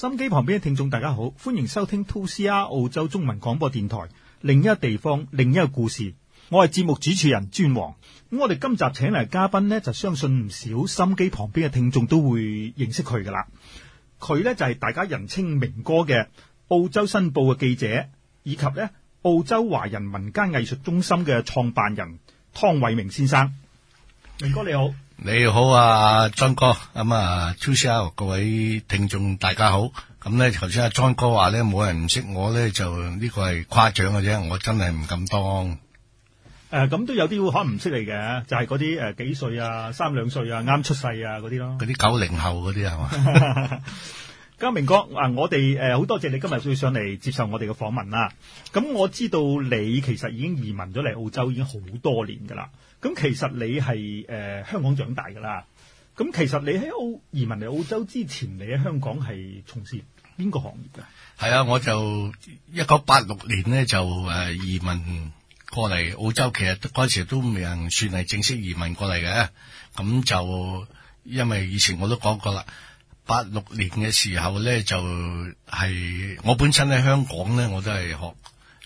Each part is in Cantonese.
心機旁邊嘅聽眾大家好，歡迎收聽 2CR 澳洲中文廣播電台，另一個地方，另一個故事。我係節目主持人尊王，咁我哋今集請嚟嘅嘉賓呢，就相信唔少心機旁邊嘅聽眾都會認識佢噶啦。佢呢，就係、是、大家人稱明哥嘅澳洲《新報》嘅記者，以及呢澳洲華人民間藝術中心嘅創辦人湯偉明先生。明哥你好。你好啊，莊哥咁啊 t u s a 各位聽眾大家好。咁咧，頭先阿莊哥話咧，冇人唔識我咧，就呢個係誇獎嘅啫，我真係唔敢當。誒、啊，咁都有啲可能唔識你嘅，就係嗰啲誒幾歲啊，三兩歲啊，啱出世啊嗰啲咯。嗰啲九零後嗰啲係嘛？嘉 明哥啊，我哋誒好多謝你今日上嚟接受我哋嘅訪問啦。咁我知道你其實已經移民咗嚟澳洲，已經好多年噶啦。咁其實你係、呃、香港長大㗎啦，咁其實你喺澳移民嚟澳洲之前，你喺香港係從事邊個行業嘅？係啊，我就一九八六年咧就移民過嚟澳洲，其實嗰陣時都未能算係正式移民過嚟嘅。咁就因為以前我都講過啦，八六年嘅時候咧就係、是、我本身喺香港咧，我都係學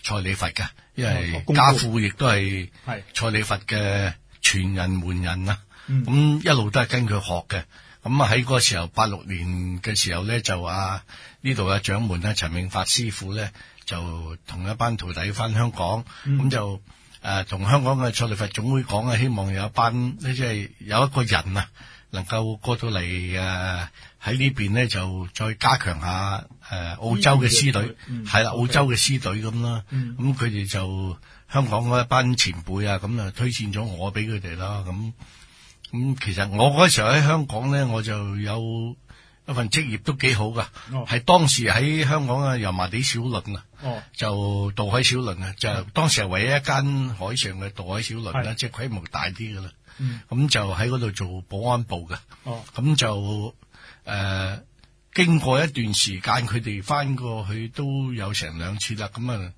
蔡李佛嘅。因為家父亦都係蔡李佛嘅傳人門人，咁、嗯、一路都係跟佢學嘅。咁啊喺嗰個時候，八六年嘅時候咧，就啊呢度嘅掌門陳明發師傅咧，就同一班徒弟翻香港，咁、嗯、就誒同、啊、香港嘅蔡李佛總會講啊，希望有一班即係、就是、有一個人啊，能夠過到嚟啊。喺呢邊咧就再加強一下誒、呃、澳洲嘅獅隊，係、嗯、啦澳洲嘅獅隊咁啦，咁佢哋就、嗯、香港嗰班前輩啊，咁啊推薦咗我俾佢哋啦，咁咁其實我嗰時候喺香港咧，我就有一份職業都幾好噶，係、哦、當時喺香港嘅油麻地小輪啊、哦，就渡海小輪啊，就當時係唯一一間海上嘅渡海小輪啦，即、嗯、係、就是、規模大啲噶啦，咁、嗯、就喺嗰度做保安部㗎。咁、哦、就。誒、呃，經過一段時間，佢哋翻過去都有成兩次啦。咁啊，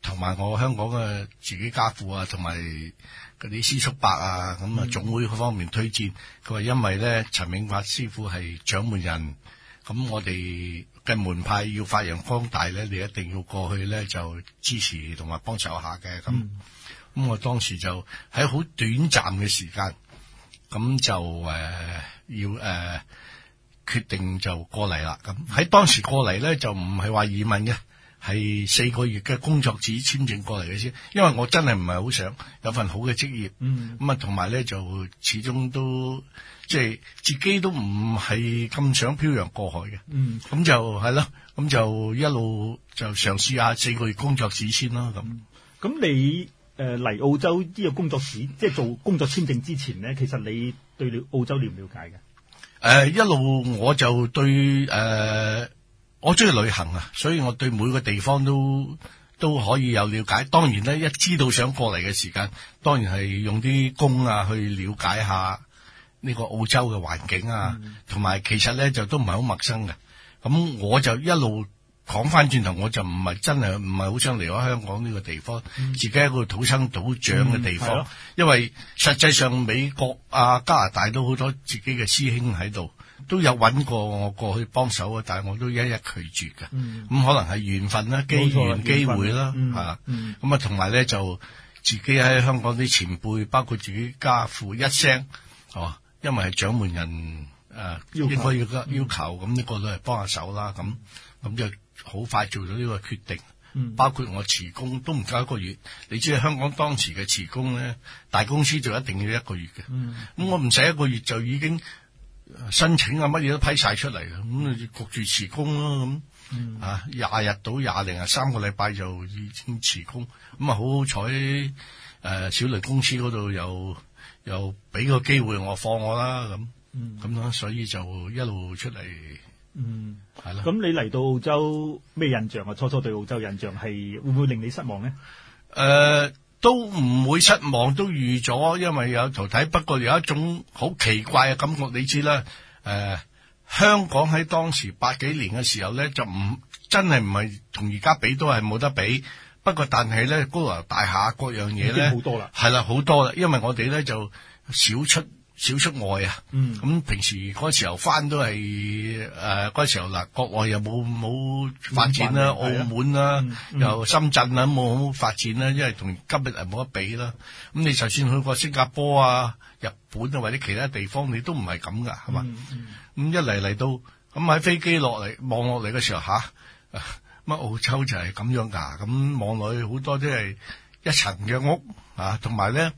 同埋我香港嘅自己家父啊，同埋嗰啲師叔伯啊，咁啊，總會方面推薦佢話，嗯、因為咧陳永發師傅係掌門人，咁我哋嘅門派要發揚光大咧，你一定要過去咧就支持同埋幫手下嘅咁。咁、嗯、我當時就喺好短暫嘅時間，咁就誒、呃、要誒。呃決定就過嚟啦，咁喺當時過嚟咧就唔係話移民嘅，係四個月嘅工作紙簽證過嚟嘅先，因為我真係唔係好想有份好嘅職業，咁、嗯、啊，同埋咧就始終都即係自己都唔係咁想漂洋過海嘅，咁、嗯、就係啦，咁就一路就嘗試下四個月工作紙先啦，咁。咁你誒嚟、呃、澳洲呢個工作紙，即係做工作簽證之前咧，其實你對澳洲了唔了解嘅？誒、呃，一路我就對誒、呃，我中意旅行啊，所以我對每個地方都都可以有了解。當然咧，一知道想過嚟嘅時間，當然係用啲工啊去了解一下呢個澳洲嘅環境啊，同、嗯、埋其實咧就都唔係好陌生嘅。咁我就一路。講翻轉頭，我就唔係真係唔係好想離開香港呢個地方，嗯、自己喺個土生土長嘅地方、嗯。因為實際上美國啊，加拿大都好多自己嘅師兄喺度，都有揾過我過去幫手啊，但係我都一一拒絕嘅。咁、嗯嗯嗯、可能係緣分啦，機緣機會啦，吓咁啊，同埋咧就自己喺香港啲前輩，包括自己家父一聲，哦、啊，因為係掌門人誒、啊，應該要、嗯、要求咁呢個都係幫下手啦，咁咁就。好快做咗呢個決定，嗯、包括我辭工都唔夠一個月。你知喺香港當時嘅辭工咧，大公司就一定要一個月嘅。咁、嗯、我唔使一個月就已經申請啊，乜嘢都批晒出嚟啦。咁焗住辭工咯、啊，咁、嗯、啊廿日到廿零啊三個禮拜就已經辭工。咁啊，好彩誒，小輪公司嗰度又又俾個機會我放我啦咁。咁啦、嗯，所以就一路出嚟。嗯，係咯。咁你嚟到澳洲咩印象啊？初初對澳洲印象係會唔會令你失望咧？誒、呃，都唔會失望，都預咗，因為有圖睇。不過有一種好奇怪嘅感覺，你知啦。誒、呃，香港喺當時八幾年嘅時候咧，就唔真係唔係同而家比都係冇得比。不過但係咧，高樓大廈各樣嘢咧，好多啦，係啦好多啦，因為我哋咧就少出。少出外啊，咁、嗯、平時嗰時候翻都係誒嗰時候嗱，國外又冇冇發展啦、啊，澳門啦、啊嗯、又深圳啦冇冇發展啦、啊，因為同今日係冇得比啦。咁你就算去過新加坡啊、日本啊或者其他地方，你都唔係咁噶，係、嗯、嘛？咁、嗯、一嚟嚟到咁喺飛機落嚟望落嚟嘅時候吓，乜、啊、澳洲就係咁樣㗎、啊，咁望落去好多都係一層嘅屋啊，同埋咧。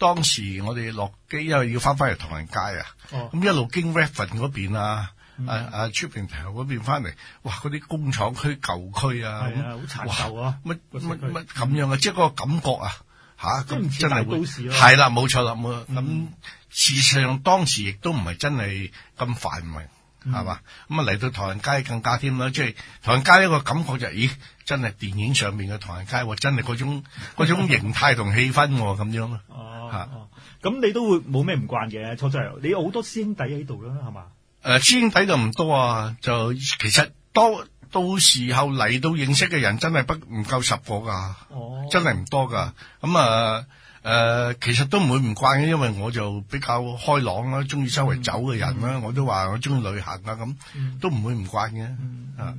當時我哋落機，因為要翻返嚟唐人街、哦嗯、啊，咁一路經 Redfern 嗰邊啊，阿阿 Chu 平橋嗰邊翻嚟，哇！嗰啲工廠區舊區啊，係、嗯嗯、啊，好殘舊啊，乜乜乜咁樣嘅，即係個感覺啊，咁、啊啊啊、真係都市啦，係啦，冇錯啦，咁、嗯、事實上當時亦都唔係真係咁繁榮。係嘛咁啊？嚟、嗯嗯、到唐人街更加添啦，即係唐人街一個感覺就係、咦，真係電影上面嘅唐人街，真係嗰種嗰種形態同氣氛咁樣啊。哦、嗯，吓、嗯、咁、嗯嗯、你都會冇咩唔慣嘅，錯真係，你有好多師兄弟喺度啦，係嘛？誒、呃，師兄弟就唔多啊，就其實多到時候嚟到認識嘅人真係不唔夠十個噶、哦，真係唔多噶咁啊。嗯嗯嗯呃誒、呃，其實都唔會唔慣嘅，因為我就比較開朗啦，中意周圍走嘅人啦、嗯，我都話我中意旅行啊，咁、嗯、都唔會唔慣嘅。啊，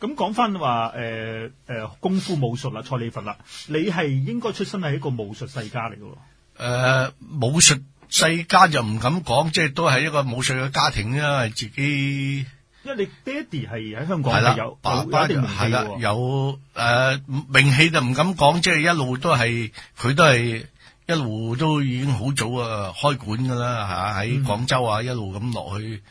咁講翻話，誒、嗯，誒、嗯嗯呃呃，功夫武術啦，蔡李佛啦，你係應該出身係一個武術世家嚟嘅。誒、呃，武術世家就唔敢講，即係都係一個武術嘅家庭呀，自己。因為你爹哋係喺香港有爸爸，係啦，有誒名、呃、名氣就唔敢講，即、就、係、是、一路都係佢都係一路都已經好早啊開館噶啦嚇，喺廣州啊、嗯、一路咁落去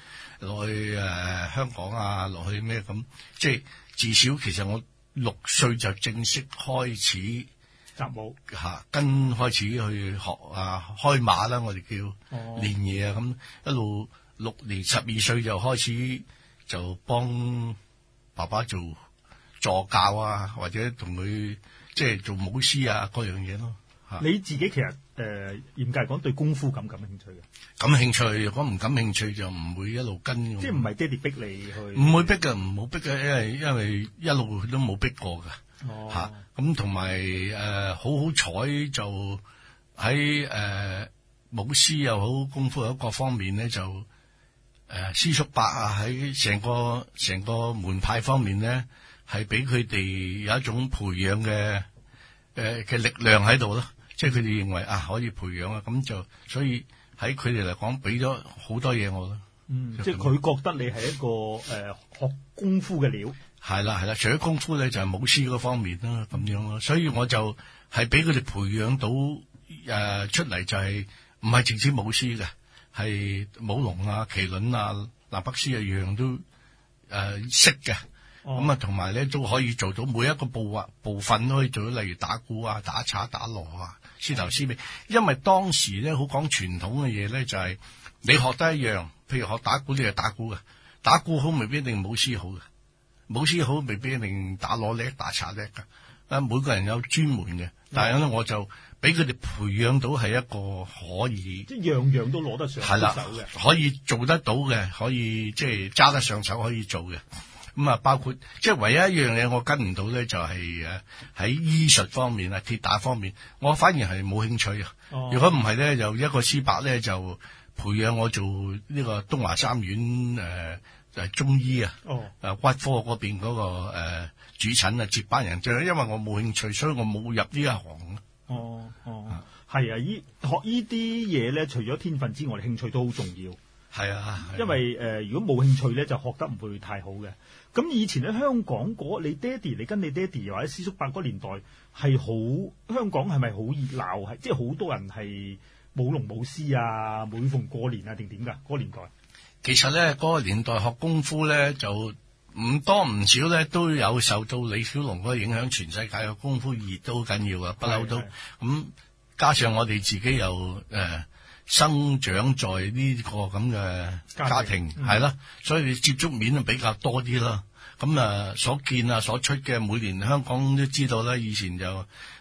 落去誒、啊、香港啊落去咩咁，即係至少其實我六歲就正式開始習武、啊、跟開始去學啊開馬啦，我哋叫練嘢啊，咁一路六年十二歲就開始。就幫爸爸做助教啊，或者同佢即係做舞獅啊，嗰樣嘢咯。你自己其實誒，嚴格嚟講，對功夫感唔感興趣嘅？感興趣，如果唔感興趣就唔會一路跟。即係唔係爹哋逼你去？唔會逼㗎，唔好逼嘅，因為因為一路都冇逼過噶。吓咁同埋誒，好好彩就喺誒舞獅又好，功夫有各方面咧就。誒、啊，師叔伯啊，喺成個成個門派方面咧，係俾佢哋有一種培養嘅誒嘅力量喺度咯，即係佢哋認為啊，可以培養啊，咁就所以喺佢哋嚟講，俾咗好多嘢我咯。嗯，即係佢覺得你係一個誒、呃、學功夫嘅料。係啦，係啦，除咗功夫咧，就係、是、舞獅嗰方面啦、啊，咁樣咯。所以我就係俾佢哋培養到誒、啊、出嚟、就是，就係唔係直接舞獅嘅。係舞龍啊、麒麟啊、南北獅啊，樣樣都誒識嘅。咁、呃、啊，同埋咧都可以做到每一個部劃部分都可以做到，例如打鼓啊、打叉、打鑼啊，獅頭獅尾、嗯。因為當時咧好講傳統嘅嘢咧，就係、是、你學得一樣，譬如學打鼓，你係打鼓嘅；打鼓好，未必一定舞獅好嘅；舞獅好，未必一定打鑼叻、打叉叻嘅。啊，每個人有專門嘅。但係咧、嗯，我就，俾佢哋培養到係一個可以，即係樣樣都攞得上手嘅，可以做得到嘅，可以即係揸得上手可以做嘅。咁啊，包括即係唯一一樣嘢我跟唔到咧，就係誒喺醫術方面啊，跌打方面，我反而係冇興趣啊。如果唔係咧，就一個師伯咧就培養我做呢個東華三院誒誒、呃、中醫啊，誒、哦呃、骨科嗰邊嗰、嗰個、呃、主診啊，接班人。就係、因為我冇興趣，所以我冇入呢一行。哦哦，係、哦、啊！依學呢啲嘢咧，除咗天分之外，興趣都好重要。係啊，啊，因為誒、呃，如果冇興趣咧，就學得唔會太好嘅。咁以前喺香港嗰、那個，你爹哋，你跟你爹哋又或者師叔伯嗰年代，係好香港係咪好熱鬧？係即係好多人係舞龍舞獅啊，每逢過年啊定點噶？嗰、那個年代，其實咧嗰、那個年代學功夫咧就。唔多唔少咧，都有受到李小龍嗰個影響，全世界嘅功夫熱都好緊要啊。不嬲都咁。是是嗯、加上我哋自己又誒、呃、生長在呢個咁嘅家庭，係啦、嗯，所以接觸面就比較多啲啦。咁、嗯、啊、嗯，所見啊，所出嘅每年香港都知道啦，以前就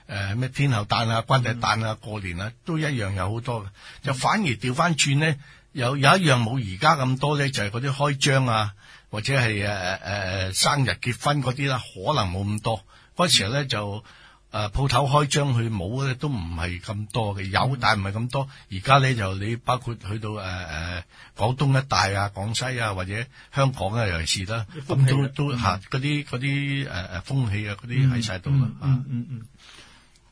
誒咩、呃、天后誕啊、關帝誕啊、過年啊，都一樣有好多嘅。就反而調翻轉咧。有有一樣冇而家咁多咧，就係嗰啲開張啊，或者係誒誒誒生日結婚嗰啲啦，可能冇咁多。嗰時候咧就誒鋪頭開張去冇咧，都唔係咁多嘅，有但係唔係咁多。而家咧就你包括去到誒誒廣東一帶啊、廣西啊，或者香港啊，尤其是啦，咁都、嗯、都吓嗰啲嗰啲誒誒風氣啊，嗰啲喺晒度啦嗯嗯。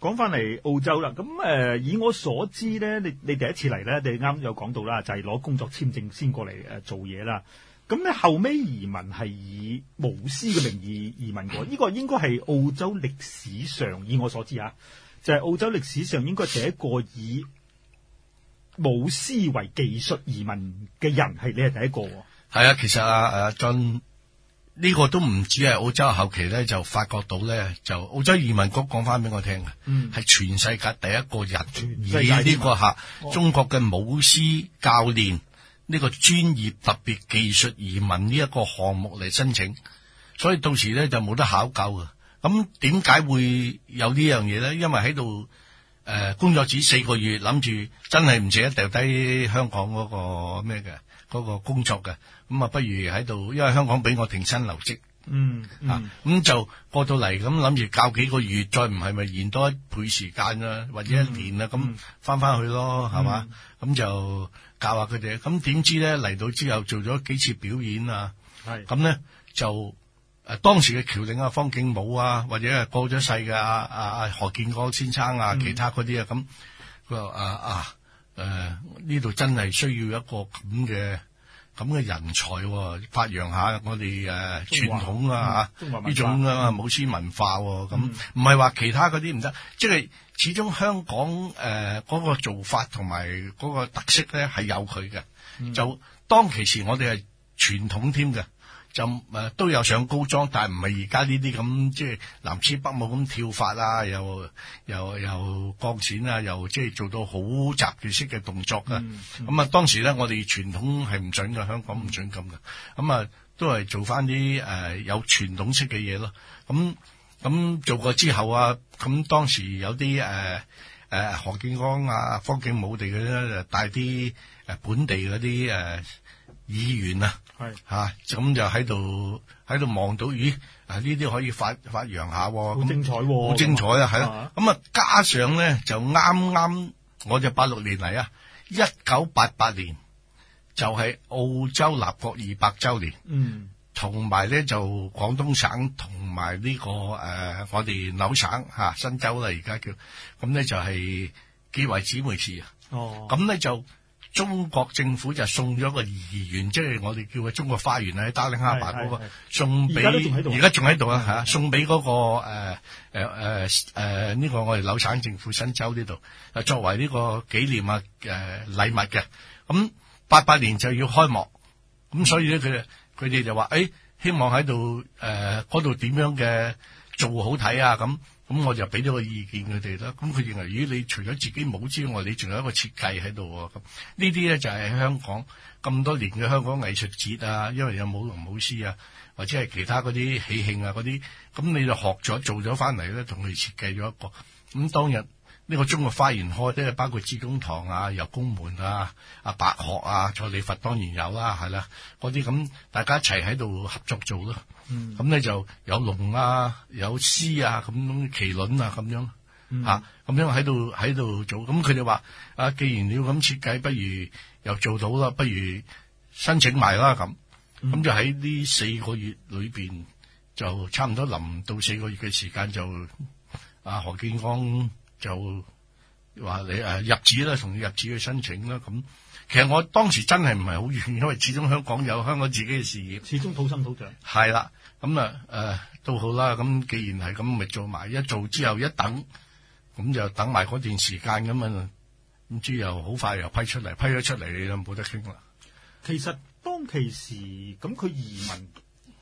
講翻嚟澳洲啦，咁誒、呃、以我所知咧，你你第一次嚟咧，你啱有講到啦，就係、是、攞工作簽證先過嚟誒、呃、做嘢啦。咁咧後尾移民係以舞獅嘅名義移民過，呢 個應該係澳洲歷史上，以我所知啊，就係、是、澳洲歷史上應該第一個以舞獅為技術移民嘅人，係你係第一個。係啊，其實阿阿俊。呢、這個都唔止係澳洲後期咧，就發覺到咧，就澳洲移民局講翻俾我聽嘅，係、嗯、全世界第一個人以呢個吓、嗯、中國嘅舞獅教練呢、這個專業特別技術移民呢一個項目嚟申請，所以到時咧，就冇得考究嘅。咁點解會有這樣東西呢樣嘢咧？因為喺度誒工作只四個月，諗住真係唔捨得掉低香港嗰個咩嘅。嗰、那個工作嘅，咁啊不如喺度，因為香港俾我停薪留職，嗯，嗯啊，咁就過到嚟，咁諗住教幾個月，再唔係咪延多一倍時間啊，或者一年啊，咁翻翻去咯，係、嗯、嘛，咁就教下佢哋，咁點知咧嚟到之後做咗幾次表演啊，係，咁、啊、咧就誒、啊、當時嘅僑領啊，方景武啊，或者係過咗世嘅阿阿何建光先生啊，其他嗰啲啊，咁佢啊啊。啊誒、呃，呢度真係需要一個咁嘅咁嘅人才，哦，發揚下我哋誒傳統啊！呢、嗯、種啊，舞獅文化咁、哦，唔係話其他嗰啲唔得，即、嗯、係、就是、始終香港誒嗰、呃那個做法同埋嗰個特色咧，係有佢嘅、嗯。就當其時我傳，我哋係傳統添嘅。就誒、呃、都有上高樁，但係唔係而家呢啲咁即係南獅北舞咁跳法啊，又又又降錢啊，又即係做到好雜住式嘅動作啊。咁、嗯嗯、啊，當時咧我哋傳統係唔準嘅，香港唔準咁嘅。咁、嗯嗯、啊，都係做翻啲誒有傳統式嘅嘢咯。咁、嗯、咁、嗯、做過之後啊，咁、嗯、當時有啲誒誒何建剛啊、方景武哋嗰啲咧，帶啲誒、呃、本地嗰啲誒。呃議員啊，係嚇，咁、啊、就喺度喺度望到，咦啊呢啲可以發發揚下、啊，好精彩喎，好精彩啊，係啦，咁啊，啊，啊加上咧就啱啱我就八六年嚟啊，一九八八年就係澳洲立國二百週年，嗯，同埋咧就廣東省同埋呢個誒、呃、我哋紐省嚇、啊、新州啦而家叫，咁、啊、咧就係、是、幾為姊妹市啊，哦，咁咧就。中國政府就送咗個議員，即、就、係、是、我哋叫佢中國花園，啊、那個，喺達令哈伯嗰個送俾而家仲喺度，而家仲喺度啊吓，送俾嗰、那個誒誒誒誒呢個我哋紐省政府新州呢度，誒作為呢個紀念啊誒禮物嘅。咁八八年就要開幕，咁所以咧佢佢哋就話誒、欸、希望喺度誒嗰度點樣嘅。做好睇啊！咁咁我就俾咗個意見佢哋啦。咁佢認為，如果你除咗自己冇之外，你仲有一個設計喺度喎。咁呢啲咧就係香港咁多年嘅香港藝術節啊，因為有舞龍舞獅啊，或者係其他嗰啲喜慶啊嗰啲，咁你就學咗做咗翻嚟咧，同佢設計咗一個。咁當日。呢、這個中國花園開，即係包括資公堂啊、有宮門啊、阿白鶴啊、蔡、啊、李佛當然有啦，係啦，嗰啲咁大家一齊喺度合作做咯。咁、嗯、咧就有龍啊、有獅啊、咁麒麟啊咁樣嚇，咁、嗯啊、樣喺度喺度做。咁佢哋話：啊，既然你要咁設計，不如又做到啦，不如申請埋啦。咁咁就喺呢四個月裏邊，就差唔多臨到四個月嘅時間就，就、啊、阿何建剛。就話你誒、啊，入紙啦，同你入紙去申請啦。咁其實我當時真係唔係好願，因為始終香港有香港自己嘅事業，始終土生土長係啦。咁啊誒都好啦。咁既然係咁，咪做埋一做之後一等，咁就等埋嗰段時間咁樣。咁之又好快又批出嚟，批咗出嚟，你都冇得傾啦。其實當其時咁，佢移民。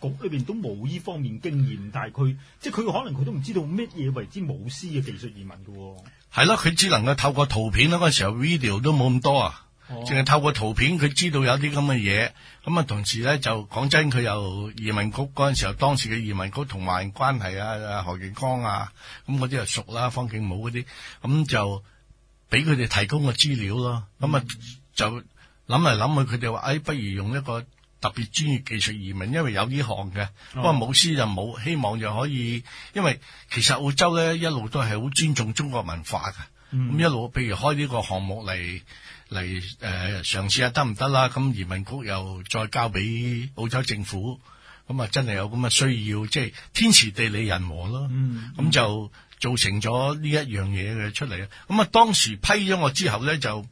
局裏邊都冇依方面經驗，但係佢即係佢可能佢都唔知道乜嘢為之舞獅嘅技術移民㗎喎、哦。係咯，佢只能夠透過圖片，嗰個時候 video 都冇咁多啊，淨、哦、係透過圖片佢知道有啲咁嘅嘢。咁啊，同時咧就講真，佢又移民局嗰陣時候，當時嘅移民局同埋關係啊，何建光啊，咁嗰啲又熟啦、啊，方景武嗰啲，咁就俾佢哋提供個資料咯。咁啊，就諗嚟諗去，佢哋話誒，不如用一個。特別專業技術移民，因為有呢行嘅，不過冇師就冇，希望就可以，因為其實澳洲咧一路都係好尊重中國文化嘅，咁、嗯、一路譬如開呢個項目嚟嚟誒嘗試下得唔得啦，咁移民局又再交俾澳洲政府，咁啊真係有咁嘅需要，即、就、係、是、天時地利人和咯，咁、嗯嗯、就造成咗呢一樣嘢嘅出嚟啦。咁啊當時批咗我之後咧就誒、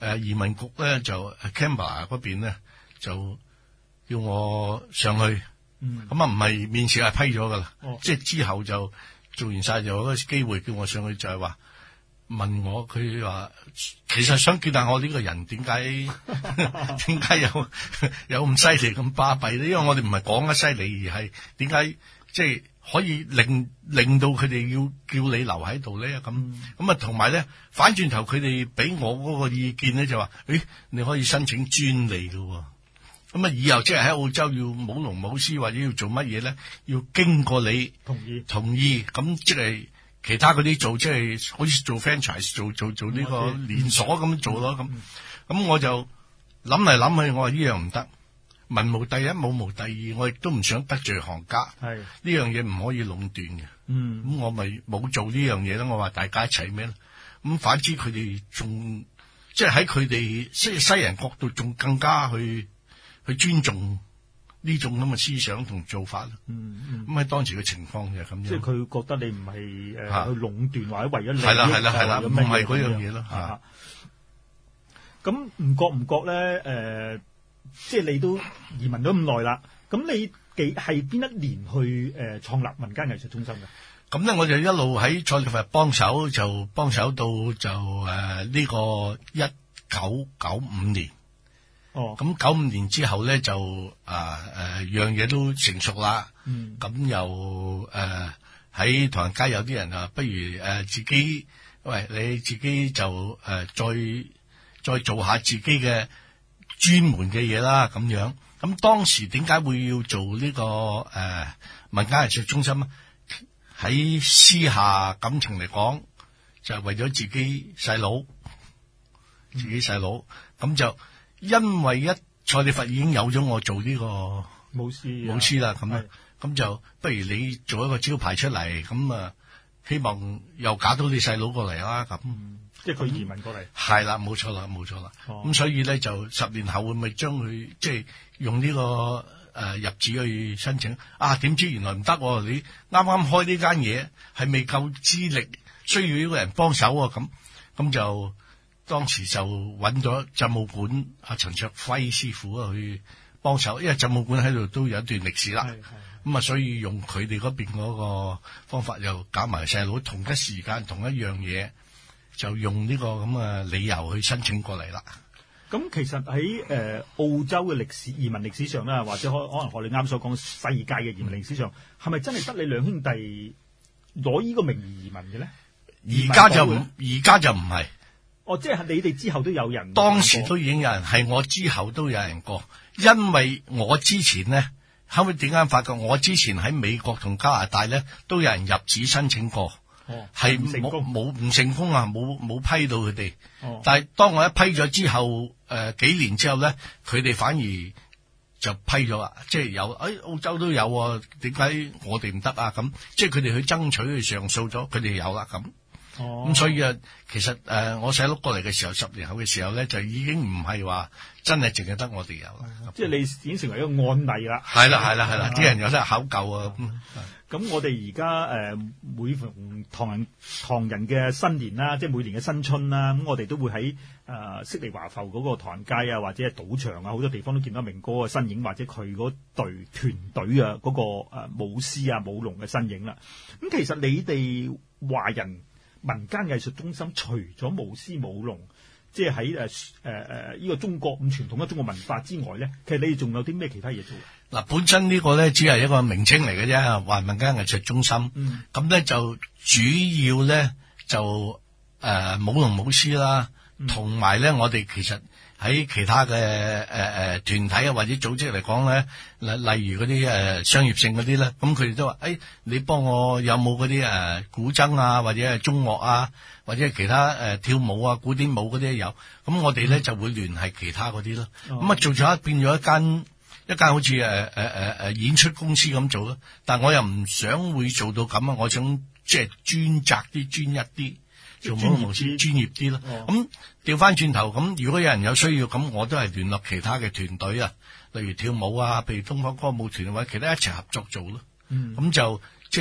呃、移民局咧就 Canberra 嗰邊咧就。叫我上去，咁啊唔係面試係批咗噶啦，即係之後就做完曬，有嗰個機會叫我上去就，就係話問我，佢話其實想見下我呢個人點解點解有有咁犀利咁巴閉咧？因為我哋唔係講得犀利，而係點解即係可以令令到佢哋要叫你留喺度咧？咁咁啊，同埋咧，反轉頭佢哋俾我嗰個意見咧，就話誒你可以申請專利噶喎、哦。咁啊！以後即係喺澳洲要舞龍舞獅或者要做乜嘢咧？要經過你同意，同意咁即係其他嗰啲做，即係好似做 franchise，做做做呢個連鎖咁做咯。咁咁我就諗嚟諗去，我話呢樣唔得，文無第一，武無第二，我亦都唔想得罪行家。係呢樣嘢唔可以壟斷嘅。嗯，咁我咪冇做呢樣嘢咯。我話大家一齊咩咯，咁反之佢哋仲即係喺佢哋西西人角度仲更加去。佢尊重呢種咁嘅思想同做法咯。嗯，咁喺、嗯、當時嘅情況就咁樣。即係佢覺得你唔係誒去壟斷，啊、或者為咗利益霸咗名嗰樣嘢咯。嚇！咁唔、啊、覺唔覺咧？誒、呃，即係你都移民咗咁耐啦。咁你幾係邊一年去誒創立民間藝術中心嘅？咁咧，我就一路喺蔡李佛幫手，就幫手到就誒呢、呃這個一九九五年。哦，咁九五年之後咧就啊誒、啊、樣嘢都成熟啦，咁、嗯、又誒喺唐人街有啲人啊，不如誒、啊、自己喂你自己就誒、啊、再再做下自己嘅專門嘅嘢啦，咁樣。咁當時點解會要做呢個誒、啊、民間藝術中心咧？喺私下感情嚟講，就係為咗自己細佬、嗯，自己細佬，咁就。因為一蔡李佛已經有咗我做呢、這個，冇事冇事啦，咁咧，咁就不如你做一個招牌出嚟，咁啊，希望又搞到你細佬過嚟啦，咁，即係佢移民過嚟，係啦，冇錯啦，冇錯啦，咁、哦嗯、所以咧就十年後會唔會將將佢即係用呢、這個誒、呃、入紙去申請？啊，點知原來唔得、啊？你啱啱開呢間嘢係未夠資力，需要呢個人幫手啊，咁咁就。當時就揾咗浸武館阿陳卓輝師傅啊去幫手，因為浸武館喺度都有一段歷史啦。咁啊，所以用佢哋嗰邊嗰個方法，又搞埋細佬，弟弟同一時間同一樣嘢，就用呢個咁嘅理由去申請過嚟啦。咁其實喺誒澳洲嘅歷史移民歷史上啦，或者可可能何你啱所講世界嘅移民歷史上，係咪、嗯、真係得你兩兄弟攞呢個名義移民嘅咧？而家就而家就唔係。哦，即係你哋之後都有人有有，當時都已經有人，係我之後都有人過，因為我之前呢，後尾點解發覺我之前喺美國同加拿大咧都有人入紙申請過，係冇冇唔成功啊，冇冇批到佢哋，哦。但係當我一批咗之後，誒、呃、幾年之後咧，佢哋反而就批咗啦，即、就、係、是、有，誒、哎、澳洲都有，點解我哋唔得啊？咁、啊、即係佢哋去爭取去上訴咗，佢哋有啦咁。哦，咁所以啊，其實誒我細碌過嚟嘅時候，十年後嘅時候咧，就已經唔係話真係淨係得我哋有，即係你已經成為一個案例啦。係啦，係啦，係啦，啲人有得考究啊。咁，我哋而家誒每逢唐人唐人嘅新年啦，即係每年嘅新春啦，咁我哋都會喺誒悉尼華埠嗰個唐人街啊，或者係賭場啊，好多地方都見到明哥嘅身影，或者佢嗰隊團隊啊嗰個誒舞獅啊舞龍嘅身影啦。咁其實你哋華人。民間藝術中心除咗舞獅舞龍，即係喺誒誒誒依個中國咁傳統嘅中國文化之外咧，其實你哋仲有啲咩其他嘢做？嗱，本身呢個咧只係一個名稱嚟嘅啫，話民間藝術中心。嗯。咁咧就主要咧就誒舞龍舞獅啦，同埋咧我哋其實。喺其他嘅誒誒團體啊，或者組織嚟講咧，例例如嗰啲誒商業性嗰啲咧，咁佢哋都話誒、欸、你幫我有冇嗰啲誒古箏啊，或者係中樂啊，或者係其他誒、呃、跳舞啊、古典舞嗰啲有？咁我哋咧就會聯繫其他嗰啲咯。咁、嗯、啊，做咗變咗一間一間好似誒誒誒誒演出公司咁做咯。但係我又唔想會做到咁啊，我想即係專責啲、專一啲。做嗰個模專業啲咯，咁調翻轉頭，咁、哦、如果有人有需要，咁我都係聯絡其他嘅團隊啊，例如跳舞啊，譬如東方歌舞團或者其他一齊合作做咯。咁、嗯、就即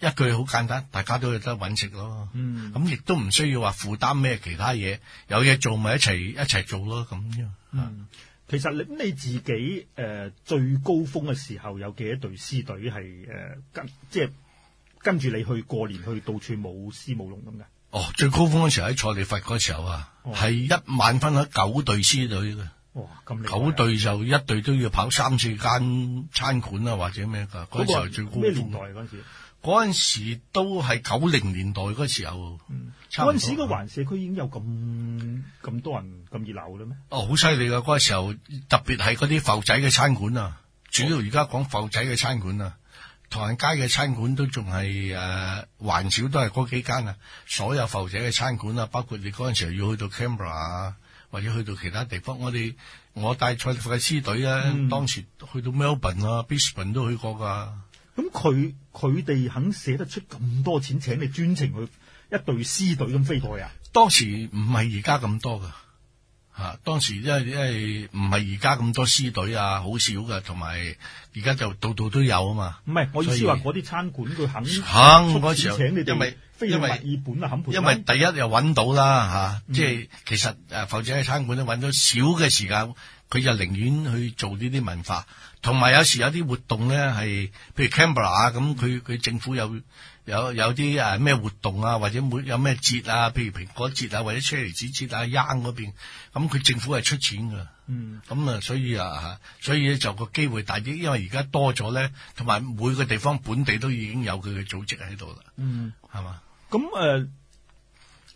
係一句好簡單，大家都得搵食咯。咁亦都唔需要話負擔咩其他嘢，有嘢做咪一齊一齊做咯，咁樣。嗯、其實你你自己誒、呃、最高峰嘅時候有幾多隊師隊係、呃、即係？跟住你去過年去到處舞獅舞龍咁嘅。哦，最高峰嗰時候喺蔡李佛嗰時候啊，係、哦、一晚分喺九隊獅隊嘅。哇、哦，咁厲害！九隊就一隊都要跑三次間餐館啊，或者咩噶？嗰、那個、時候最高峰咩年代嗰、啊、陣時？陣時都係九零年代嗰時候。嗰、嗯、陣時個環社區已經有咁咁多人咁熱鬧啦咩？哦，好犀利噶！嗰時候特別係嗰啲埠仔嘅餐館啊，主要而家講埠仔嘅餐館啊。哦啊唐人街嘅餐館都仲係誒還少，呃、都係嗰幾間啊！所有浮者嘅餐館啊，包括你嗰陣時候要去到 Canberra 啊，或者去到其他地方，我哋我帶蔡李佛嘅獅隊啊、嗯，當時去到 Melbourne 啊、Brisbane 都去過㗎、啊。咁佢佢哋肯捨得出咁多錢請你專程去一隊獅隊咁飛過去啊？當時唔係而家咁多㗎。啊！當時因為因為唔係而家咁多獅隊啊，好少嘅，同埋而家就度度都有啊嘛。唔係我意思話嗰啲餐館佢肯，肯嗰時請你就咪，為因為日本啊肯，因為第一又揾到啦嚇、啊嗯，即係其實誒、啊，否則喺餐館都揾到少嘅時間，佢就寧願去做呢啲文化，同埋有，有時有啲活動咧係，譬如 Canberra 啊咁，佢佢政府有。有有啲啊咩活動啊，或者每有咩節啊，譬如蘋果節啊，或者車厘子節啊，Young 嗰邊咁，佢政府係出錢噶。嗯，咁啊、嗯嗯，所以啊，所以咧就個機會大啲，因為而家多咗咧，同埋每個地方本地都已經有佢嘅組織喺度啦。嗯，係嘛？咁、嗯、誒、呃，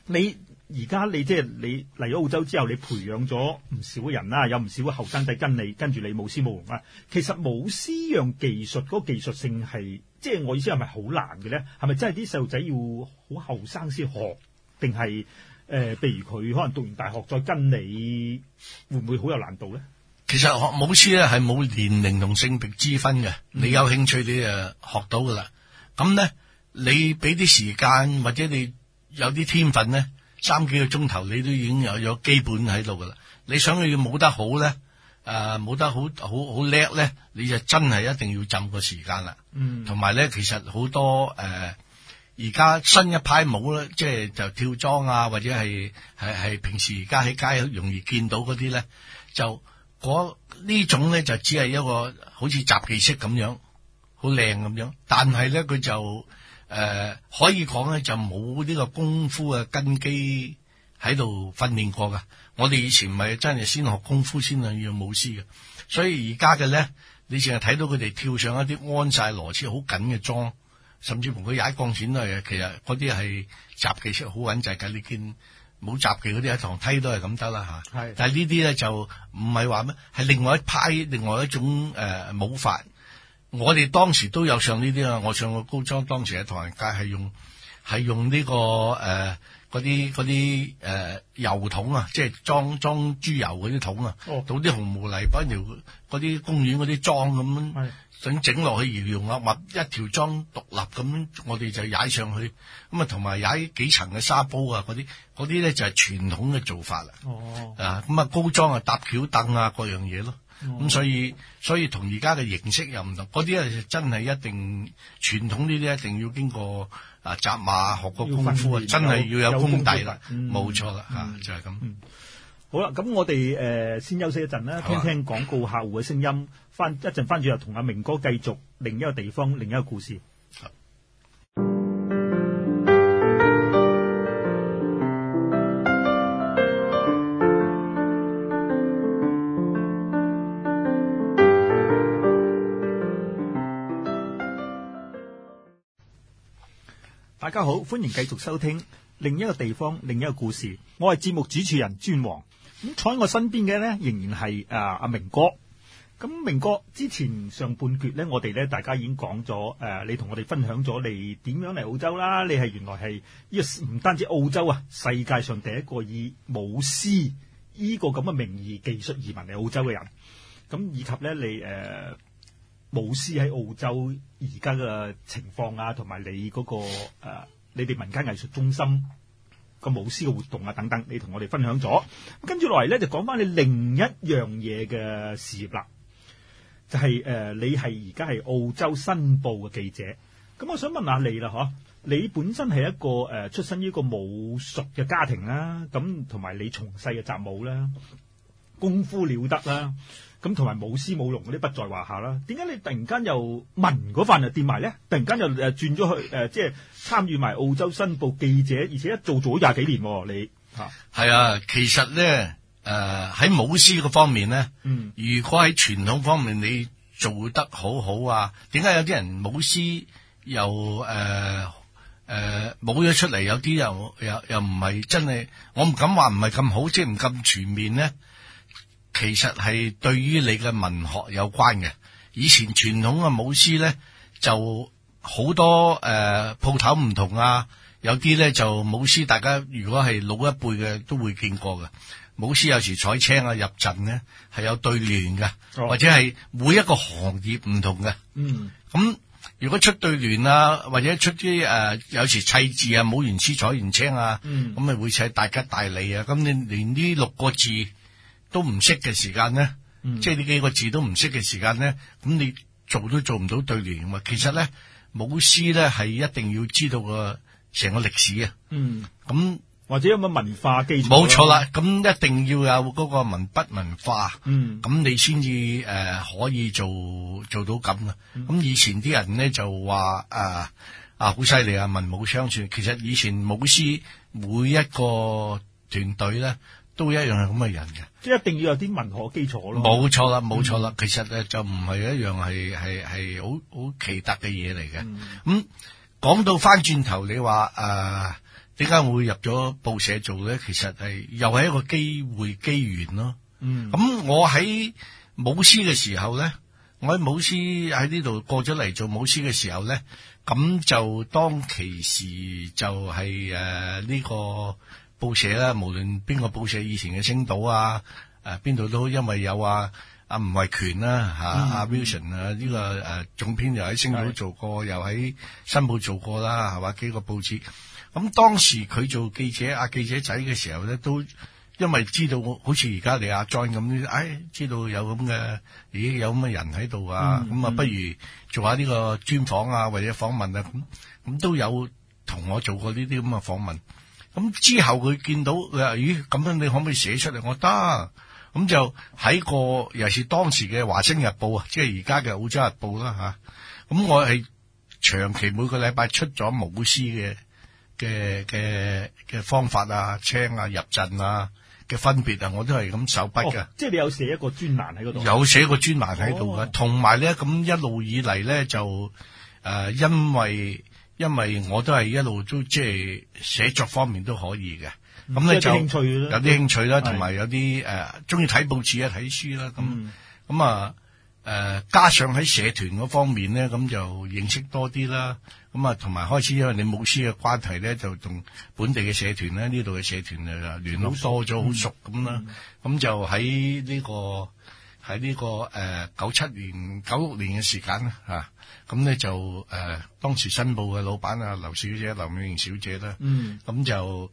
你而家你即係、就是、你嚟咗澳洲之後，你培養咗唔少人啦，有唔少後生仔跟你跟住你舞獅舞龍啊。其實舞獅樣技術嗰、那個、技術性係。即係我意思係咪好難嘅咧？係咪真係啲細路仔要好後生先學，定係誒？呃、譬如佢可能讀完大學再跟你，會唔會好有難度咧？其實學舞獅咧係冇年齡同性別之分嘅，你有興趣你誒學到噶啦。嗯、咁咧你俾啲時間或者你有啲天分咧，三幾個鐘頭你都已經有有基本喺度噶啦。你想佢要舞得好咧？誒、呃，冇得好好好叻咧，你就真係一定要浸個時間啦。嗯，同埋咧，其實好多誒，而、呃、家新一派舞咧，即、就、係、是、就跳樁啊，或者係係係平時而家喺街容易見到嗰啲咧，就嗰呢種咧就只係一個好似雜技式咁樣，好靚咁樣，但係咧佢就誒、呃，可以講咧就冇呢個功夫嘅根基喺度訓練過噶。我哋以前咪真係先學功夫先去學舞獅嘅，所以而家嘅咧，你淨係睇到佢哋跳上一啲安晒螺絲好緊嘅樁，甚至乎佢踩鋼線都係嘅。其實嗰啲係雜技出好穩陣噶，你見冇雜技嗰啲喺堂梯都係咁得啦吓。係，但係呢啲咧就唔係話咩，係另外一派、另外一種誒舞、呃、法。我哋當時都有上呢啲啊，我上過高樁當時喺唐人街係用係用呢、這個誒。呃嗰啲啲誒油桶啊，即係裝裝豬油嗰啲桶啊，倒啲紅毛泥擺條嗰啲公園嗰啲樁咁樣，oh. 想整落去形容啊，或一條樁獨立咁，我哋就踩上去，咁啊同埋踩幾層嘅沙煲啊，嗰啲嗰啲咧就係、是、傳統嘅做法啦。Oh. 啊，咁啊高樁啊搭橋凳啊各樣嘢咯。咁、oh. 啊、所以所以同而家嘅形式又唔同，嗰啲咧就真係一定傳統呢啲一定要經過。啊，紮馬學個功夫啊，真係要有功底啦，冇錯啦吓，就係咁，嗯。好啦，咁我哋呃，先休息一陣啦，聽聽廣告客戶嘅聲音，翻一陣翻轉又同阿明哥繼續另一個地方，另一個故事。大家好，歡迎繼續收聽另一個地方，另一個故事。我係節目主持人尊王，咁坐喺我身邊嘅呢，仍然係誒阿明哥。咁明哥之前上半節呢，我哋呢，大家已經講咗誒、呃，你同我哋分享咗你點樣嚟澳洲啦。你係原來係呢、這個唔單止澳洲啊，世界上第一個以舞獅呢個咁嘅名義技術移民嚟澳洲嘅人。咁以及呢，你誒。呃舞獅喺澳洲而家嘅情況啊，同埋你嗰個誒，你哋民間藝術中心個舞獅嘅活動啊等等，你同我哋分享咗。跟住落嚟咧，就講翻你另一樣嘢嘅事業啦，就係誒，你係而家係澳洲新報嘅記者。咁我想問下你啦，嗬，你本身係一個誒，出身於一個武術嘅家庭啦，咁同埋你從細嘅習武啦，功夫了得啦。咁同埋舞獅舞龍嗰啲不在話下啦。點解你突然間又文嗰份又掂埋咧？突然間又誒轉咗去即係、呃就是、參與埋澳洲新報記者，而且一做做咗廿幾年喎、哦。你係啊，啊，其實咧誒喺舞獅嗰方面咧，嗯，如果喺傳統方面你做得好好啊，點解有啲人舞獅又誒誒舞咗出嚟，有啲又又又唔係真係，我唔敢話唔係咁好，即係唔咁全面咧。其實係對於你嘅文學有關嘅，以前傳統嘅舞獅咧就好多誒、呃、鋪頭唔同啊，有啲咧就舞獅，大家如果係老一輩嘅都會見過嘅。舞獅有時採青啊入陣咧係有對聯嘅，哦，或者係每一個行業唔同嘅。嗯，咁如果出對聯啊，或者出啲誒、呃、有時砌字啊，舞完獅採完青啊，咁、嗯、咪會砌大吉大利啊。咁你連呢六個字，都唔識嘅時間咧、嗯，即係呢幾個字都唔識嘅時間咧，咁你做都做唔到對聯嘅嘛。其實咧，舞獅咧係一定要知道個成個歷史啊。嗯，咁或者有冇文化基礎、啊？冇錯啦，咁一定要有嗰個文筆文化。嗯，咁你先至誒可以做做到咁啊。咁、嗯、以前啲人咧就話誒啊好犀利啊，啊文武雙全。其實以前舞獅每一個團隊咧。都一樣係咁嘅人嘅、嗯，即係一定要有啲文學基礎咯。冇錯啦，冇錯啦。其實咧就唔係一樣係係係好好奇特嘅嘢嚟嘅。咁講到翻轉頭，你話誒點解會入咗報社做咧？其實係又係一個機會機緣咯。嗯，咁我喺舞獅嘅時候咧，我喺舞獅喺呢度過咗嚟做舞獅嘅時候咧，咁就當其時就係誒呢個。報社啦，無論邊個報社，以前嘅星島啊，誒邊度都因為有啊阿吳慧權啦吓，阿 Wilson 啊呢、啊嗯啊啊嗯啊這個誒、啊、總編又喺星島做過，又喺新報做過啦，係、啊、嘛幾個報紙。咁、啊、當時佢做記者阿、啊、記者仔嘅時候咧，都因為知道好似而家你阿、啊、John 咁，哎知道有咁嘅，咦有咁嘅人喺度啊，咁、嗯、啊不如做下呢個專訪啊，或者訪問啊，咁、啊、咁、啊、都有同我做過呢啲咁嘅訪問。咁之後佢見到佢話咦？咁樣你可唔可以寫出嚟？我得，咁就喺個尤其是當時嘅《華僑日報》啊，即係而家嘅《澳洲日報》啦吓，咁我係長期每個禮拜出咗舞獅嘅嘅嘅嘅方法啊、青啊、入陣啊嘅分別啊，我都係咁手筆㗎、哦。即係你有寫一個專欄喺度。有寫一個專欄喺度嘅，同埋咧咁一路以嚟咧就、呃、因為。因為我都係一路都即係寫作方面都可以嘅，咁咧就有啲興趣啦，同埋有啲誒中意睇報紙啦、睇書啦。咁咁啊誒，加上喺社團嗰方面咧，咁就認識多啲啦。咁啊，同埋開始因為你舞獅嘅關係咧，就同本地嘅社團咧，呢度嘅社團誒聯絡多咗，好、嗯、熟咁啦。咁就喺呢、這個喺呢、這個誒九七年、九六年嘅時間咧、啊咁咧就誒、呃、當時新報嘅老闆啊，劉小姐、劉美玲小姐咧，咁、嗯、就誒、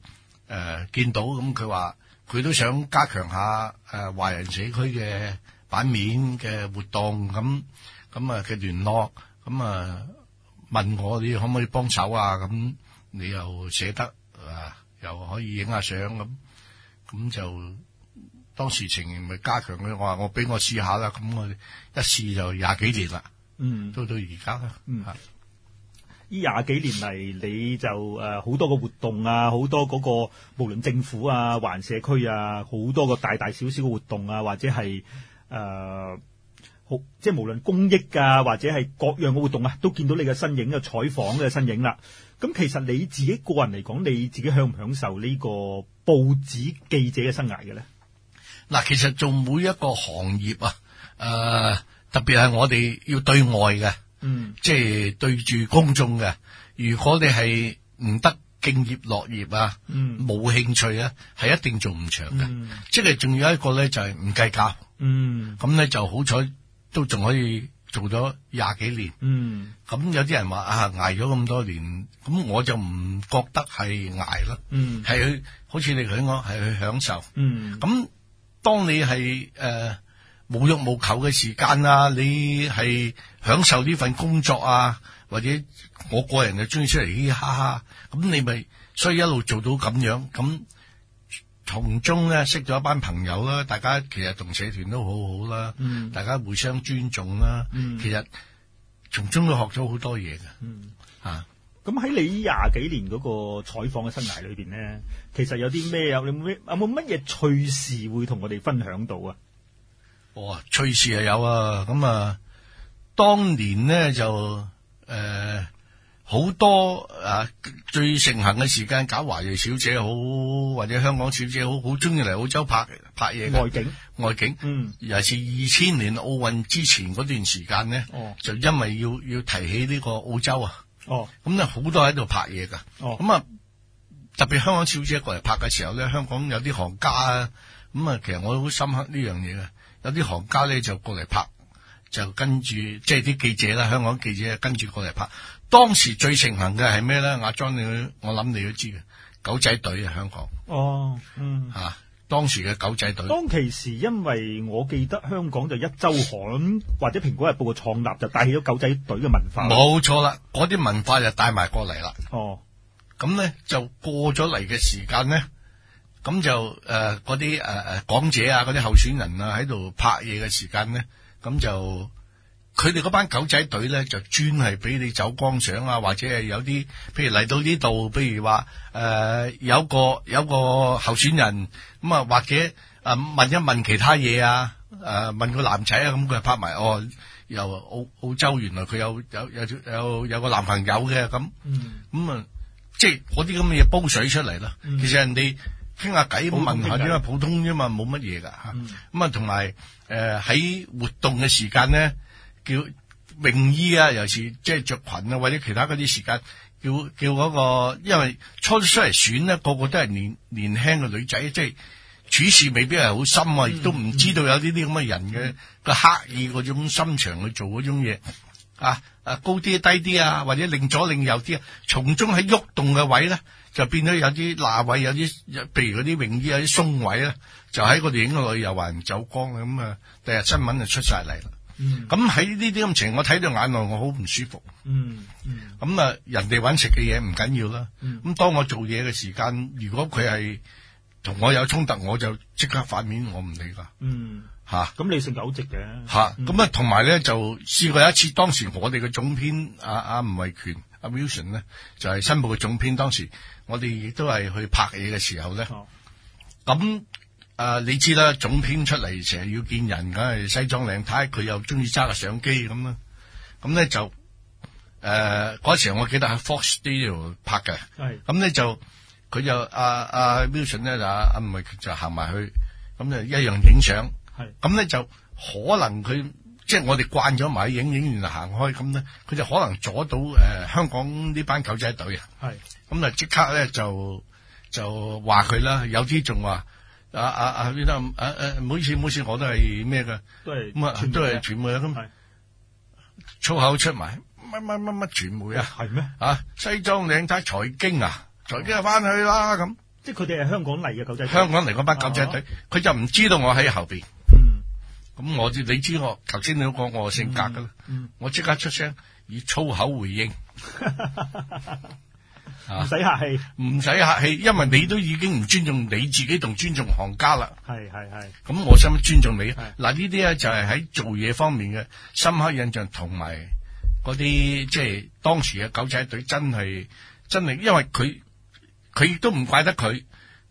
呃、見到咁佢話，佢都想加強下誒、呃、華人社區嘅版面嘅活動，咁咁啊嘅聯絡，咁啊問我你可唔可以幫手啊？咁你又寫得啊，又可以影下相咁，咁就當時情形咪加強嘅。我話我俾我試下啦，咁我一試就廿幾年啦。嗯嗯，到到而家啦，嗯，呢廿幾年嚟，你就誒好、呃、多個活動啊，好多嗰、那個無論政府啊，還社區啊，好多個大大小小嘅活動啊，或者係誒好即係無論公益啊，或者係各樣嘅活動啊，都見到你嘅身影嘅採訪嘅身影啦。咁其實你自己個人嚟講，你自己享唔享受呢個報紙記者嘅生涯嘅咧？嗱，其實做每一個行業啊，誒、呃。特別係我哋要對外嘅，嗯，即係對住公眾嘅。如果你係唔得敬業樂業啊，嗯，冇興趣啊，係一定做唔長嘅。即係仲有一個咧，就係唔計較，嗯，咁咧就好彩都仲可以做咗廿幾年，嗯，咁有啲人話啊，挨咗咁多年，咁我就唔覺得係挨咯，嗯，係去好似你講係去享受，嗯，咁當你係誒。呃冇欲冇求嘅時間啊，你係享受呢份工作啊，或者我個人就中意出嚟嘻嘻哈哈，咁你咪所以一路做到咁樣，咁從中咧識咗一班朋友啦，大家其實同社團都好好啦，嗯，大家互相尊重啦，嗯，其實從中都學咗好多嘢㗎。嗯，咁，啊，喺你廿幾年嗰個採訪嘅生涯裏邊咧，其實有啲咩啊，你冇咩啊，冇乜嘢趣事會同我哋分享到啊？哇、哦！趣事啊有啊！咁、嗯、啊，當年咧就誒好、呃、多誒、啊、最盛行嘅時間搞華裔小姐好或者香港小姐好，好中意嚟澳洲拍拍嘢外景、外景，嗯，尤其是二千年奧運之前嗰段時間咧哦，就因為要要提起呢個澳洲啊，哦，咁咧好多喺度拍嘢噶。哦，咁啊、嗯、特別香港小姐過嚟拍嘅時候咧，香港有啲行家啊，咁啊、嗯、其實我都好深刻呢樣嘢嘅。有啲行家咧就過嚟拍，就跟住即係啲記者啦，香港記者就跟住過嚟拍。當時最盛行嘅係咩咧？阿尊，你，我諗你都知嘅，狗仔隊啊，香港。哦，嗯，吓、啊，當時嘅狗仔隊。當其時，因為我記得香港就壹周刊或者蘋果日報嘅創立，就帶起咗狗仔隊嘅文化。冇錯啦，嗰啲文化就帶埋過嚟啦。哦，咁咧就過咗嚟嘅時間咧。咁就誒，嗰啲誒誒港姐啊，嗰啲候選人啊，喺度拍嘢嘅時間咧，咁就佢哋嗰班狗仔隊咧，就專係俾你走光相啊，或者係有啲，譬如嚟到呢度，譬如話誒、呃、有個有個候選人咁啊、嗯，或者誒、呃、問一問其他嘢啊，誒、呃、問個男仔啊，咁佢拍埋哦，又澳澳洲，原來佢有有有有有個男朋友嘅咁，嗯，咁、嗯、啊，即係嗰啲咁嘅嘢煲水出嚟啦、嗯。其實人哋。傾下偈，冇問題，因、嗯、為普通啫嘛，冇乜嘢噶嚇。咁、嗯、啊，同埋誒喺活動嘅時間咧，叫泳衣啊，尤其即係着裙啊，或者其他嗰啲時間，叫叫嗰、那個，因為初出嚟選咧，個個都係年年輕嘅女仔，即、就、係、是、處事未必係好深啊，亦、嗯、都唔知道有呢啲咁嘅人嘅個刻意嗰種心腸去做嗰種嘢啊啊，高啲低啲啊，或者擰左擰右啲啊，從中喺喐動嘅位咧。就變咗有啲罅位，有啲譬如嗰啲泳衣有啲鬆位啊，就喺個電影內又話人走光咁啊！第日新聞就出晒嚟啦。咁喺呢啲咁嘅情，我睇到眼內我好唔舒服。嗯咁啊、嗯，人哋搵食嘅嘢唔緊要啦。咁、嗯、當我做嘢嘅時間，如果佢係同我有衝突，我就即刻反面，我唔理㗎。嗯，咁你食狗食嘅咁啊，同埋咧就試過一次，當時我哋嘅總編阿阿、啊啊、吳慧權阿、啊、Vision 咧、啊，就係、是、新報嘅總編，當時。我哋亦都係去拍嘢嘅時候咧，咁、哦、啊、呃，你知啦，總編出嚟成日要見人，梗係西裝領呔，佢又中意揸個相機咁啦，咁咧就誒，嗰、呃、時我記得喺 Fox Studio 拍嘅，咁咧就佢就啊，阿 Milson 咧就啊，唔係、啊啊、就行埋去，咁就一樣影相，咁咧就，就可能佢。即係我哋慣咗埋影影院行開，咁咧佢就可能阻到誒、呃、香港呢班狗仔隊啊，係咁啊即刻咧就就話佢啦，有啲仲話啊啊啊每啊誒，唔好意思唔好意思，我都係咩噶，都係咁啊都係傳媒啊咁粗口出埋乜乜乜乜傳媒啊係咩啊西裝領帶財經啊財經啊翻去啦咁，即係佢哋係香港嚟嘅狗仔隊，香港嚟嗰班狗仔隊，佢、啊、就唔知道我喺後邊。咁我知你知，我頭先你都講我性格噶啦、嗯嗯，我即刻出聲以粗口回應，唔 使、啊、客氣，唔使客氣，因為你都已經唔尊重你自己同尊重行家啦。係係係，咁我想尊重你嗱，呢啲咧就係喺做嘢方面嘅深刻印象，同埋嗰啲即係當時嘅狗仔隊真係真係，因為佢佢亦都唔怪得佢，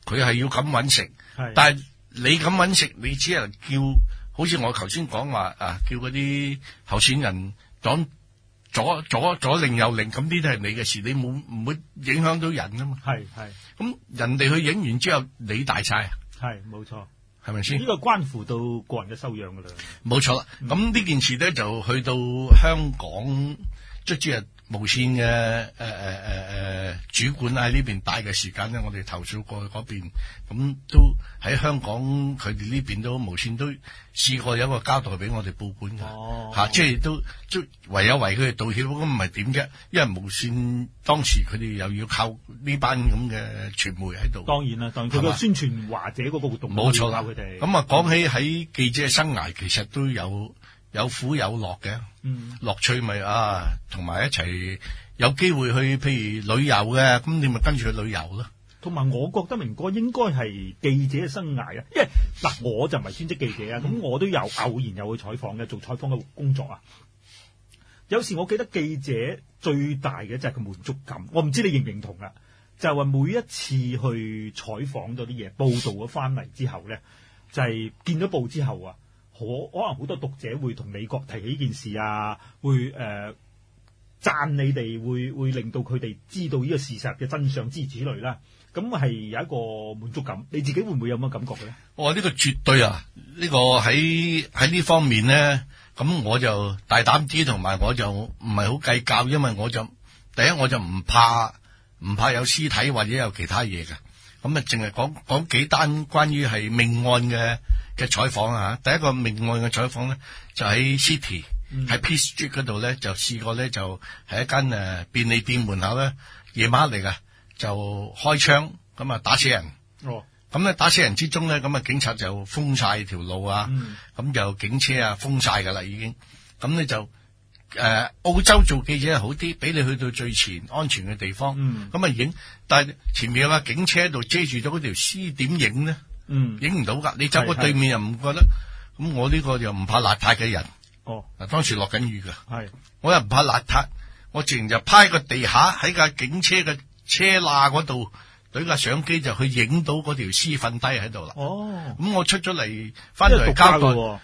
佢係要咁搵食，但係你咁搵食，你只能叫。好似我頭先講話啊，叫嗰啲候選人講左左左左令右令，咁呢啲係你嘅事，你冇唔會影響到人啊嘛？係係，咁人哋去影完之後，你大晒啊？係，冇錯，係咪先？呢、這個關乎到個人嘅修養噶啦，冇錯啦。咁呢件事咧，就去到香港卒之啊。無線嘅誒誒誒誒主管喺呢邊帶嘅時間咧，我哋投訴過去嗰邊，咁都喺香港佢哋呢邊都無線都試過有一個交代俾我哋報館嘅吓、哦啊，即係都都唯有為佢哋道歉，咁唔係點啫？因為無線當時佢哋又要靠呢班咁嘅傳媒喺度，當然啦，但係佢嘅宣傳華者嗰個活動冇錯啦，佢哋咁啊，講起喺記者生涯、嗯，其實都有。有苦有樂嘅。樂、嗯、趣咪、就是、啊，同埋一齊有機會去，譬如旅遊嘅，咁你咪跟住去旅遊咯。同埋，我覺得明哥應該係記者嘅生涯啊，因為嗱、嗯，我就唔係專職記者啊，咁我都有偶然有去採訪嘅，做採訪嘅工作啊。有時我記得記者最大嘅就係佢滿足感，我唔知你認唔認同啦。就話、是、每一次去採訪咗啲嘢，報道咗翻嚟之後咧，就係、是、見咗報之後啊。可可能好多讀者會同美國提起呢件事啊，會誒讚、呃、你哋，會令到佢哋知道呢個事實嘅真相之子類啦。咁係有一個滿足感，你自己會唔會有乜感覺嘅咧？我、哦、呢、這個絕對啊！呢、這個喺喺呢方面咧，咁我就大膽啲，同埋我就唔係好計較，因為我就第一我就唔怕唔怕有屍體或者有其他嘢嘅，咁啊淨係講講幾單關於係命案嘅。嘅採訪啊第一個命案嘅採訪咧，就喺 City 喺、嗯、Pitt Street 嗰度咧，就試過咧就喺一間、啊、便利店門口咧，夜晚黑嚟嘅就開槍咁啊打死人哦，咁咧打死人之中咧，咁啊警察就封曬條路啊，咁、嗯、就警車啊封曬㗎啦已經了了，咁咧就誒、呃、澳洲做記者好啲，俾你去到最前安全嘅地方，咁啊已經，但係前面有架警車喺度遮住咗嗰條屍點影咧？嗯，影唔到噶，你走過對面又唔覺得，咁我呢個又唔怕邋遢嘅人。哦，嗱，當時落緊雨噶，係我又唔怕邋遢，我自然就趴喺個地下，喺架警車嘅車罅嗰度，懟架相機就去影到嗰條屍瞓低喺度啦。哦，咁我出咗嚟，翻嚟交代，哦、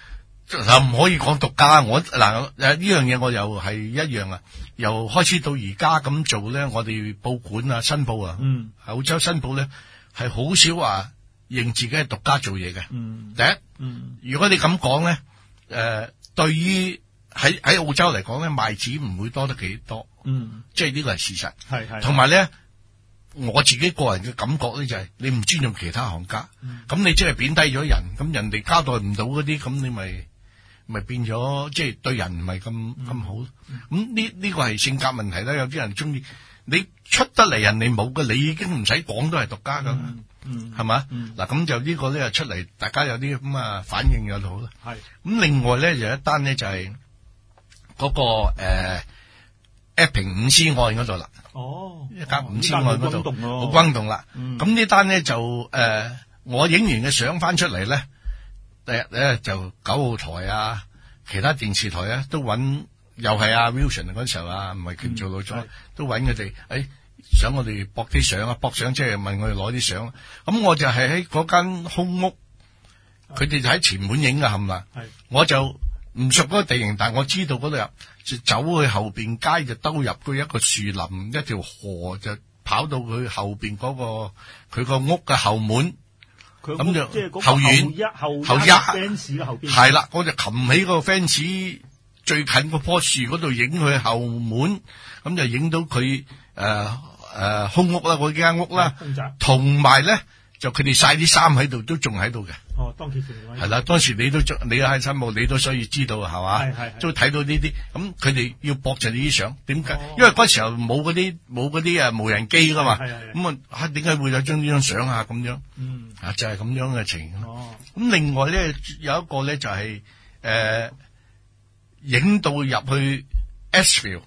就唔可以講獨家。我嗱誒呢樣嘢我又係一樣啊，由開始到而家咁做咧，我哋報館啊，新報啊，嗯，澳洲新報咧係好少話、啊。認自己係獨家做嘢嘅。第一，如果你咁講咧，誒、呃，對於喺喺澳洲嚟講咧，賣紙唔會多得幾多，嗯，即係呢個係事實，係係，同埋咧，我自己個人嘅感覺咧就係、是，你唔尊重其他行家，咁、嗯、你即係貶低咗人，咁人哋交代唔到嗰啲，咁你咪咪變咗，即、就、係、是、對人唔係咁咁好，咁呢呢個係性格問題啦，有啲人中意，你出得嚟人哋冇嘅，你已經唔使講都係獨家噶啦。嗯嗯，咪？嘛、嗯？嗱，咁就呢個咧，出嚟大家有啲咁啊反應又好啦。係，咁另外咧，就有一單咧就係嗰、那個誒，Appin、呃、五千案嗰度啦。哦，一間五千案嗰度，好轟動啦、啊。咁呢單咧就誒、呃，我影完嘅相翻出嚟咧，第日咧就九號台啊，其他電視台啊都揾，又係啊 Wilson 嗰時候啊，唔係權做老咗、嗯，都揾佢哋誒。嗯哎想我哋博啲相啊，博相即係問我哋攞啲相。咁、嗯、我就係喺間空屋，佢哋就喺前門影噶，係咪？係。我就唔熟個地形，但係我知道度入，就走去後邊街就兜入佢一個樹林，一條河就跑到佢後邊、嗰個佢個屋嘅後門。佢咁就後院後後一 fence 後邊係啦，我就擒起個 fence 最近嗰棵樹度影佢後門，咁就影到佢誒。呃誒、呃，空屋啦，嗰幾間屋啦，同埋咧就佢哋晒啲衫喺度，都仲喺度嘅。哦，當時係啦，當時你都你喺新聞，你,你都所以知道係嘛，係係，都睇到呢啲。咁佢哋要博就呢啲相，點解、哦？因為嗰時候冇嗰啲冇嗰啲誒無人機噶嘛。咁啊，點解會有張呢張相啊？咁樣，嗯，啊就係、是、咁樣嘅情形。哦。咁另外咧有一個咧就係誒影到入去 Ashfield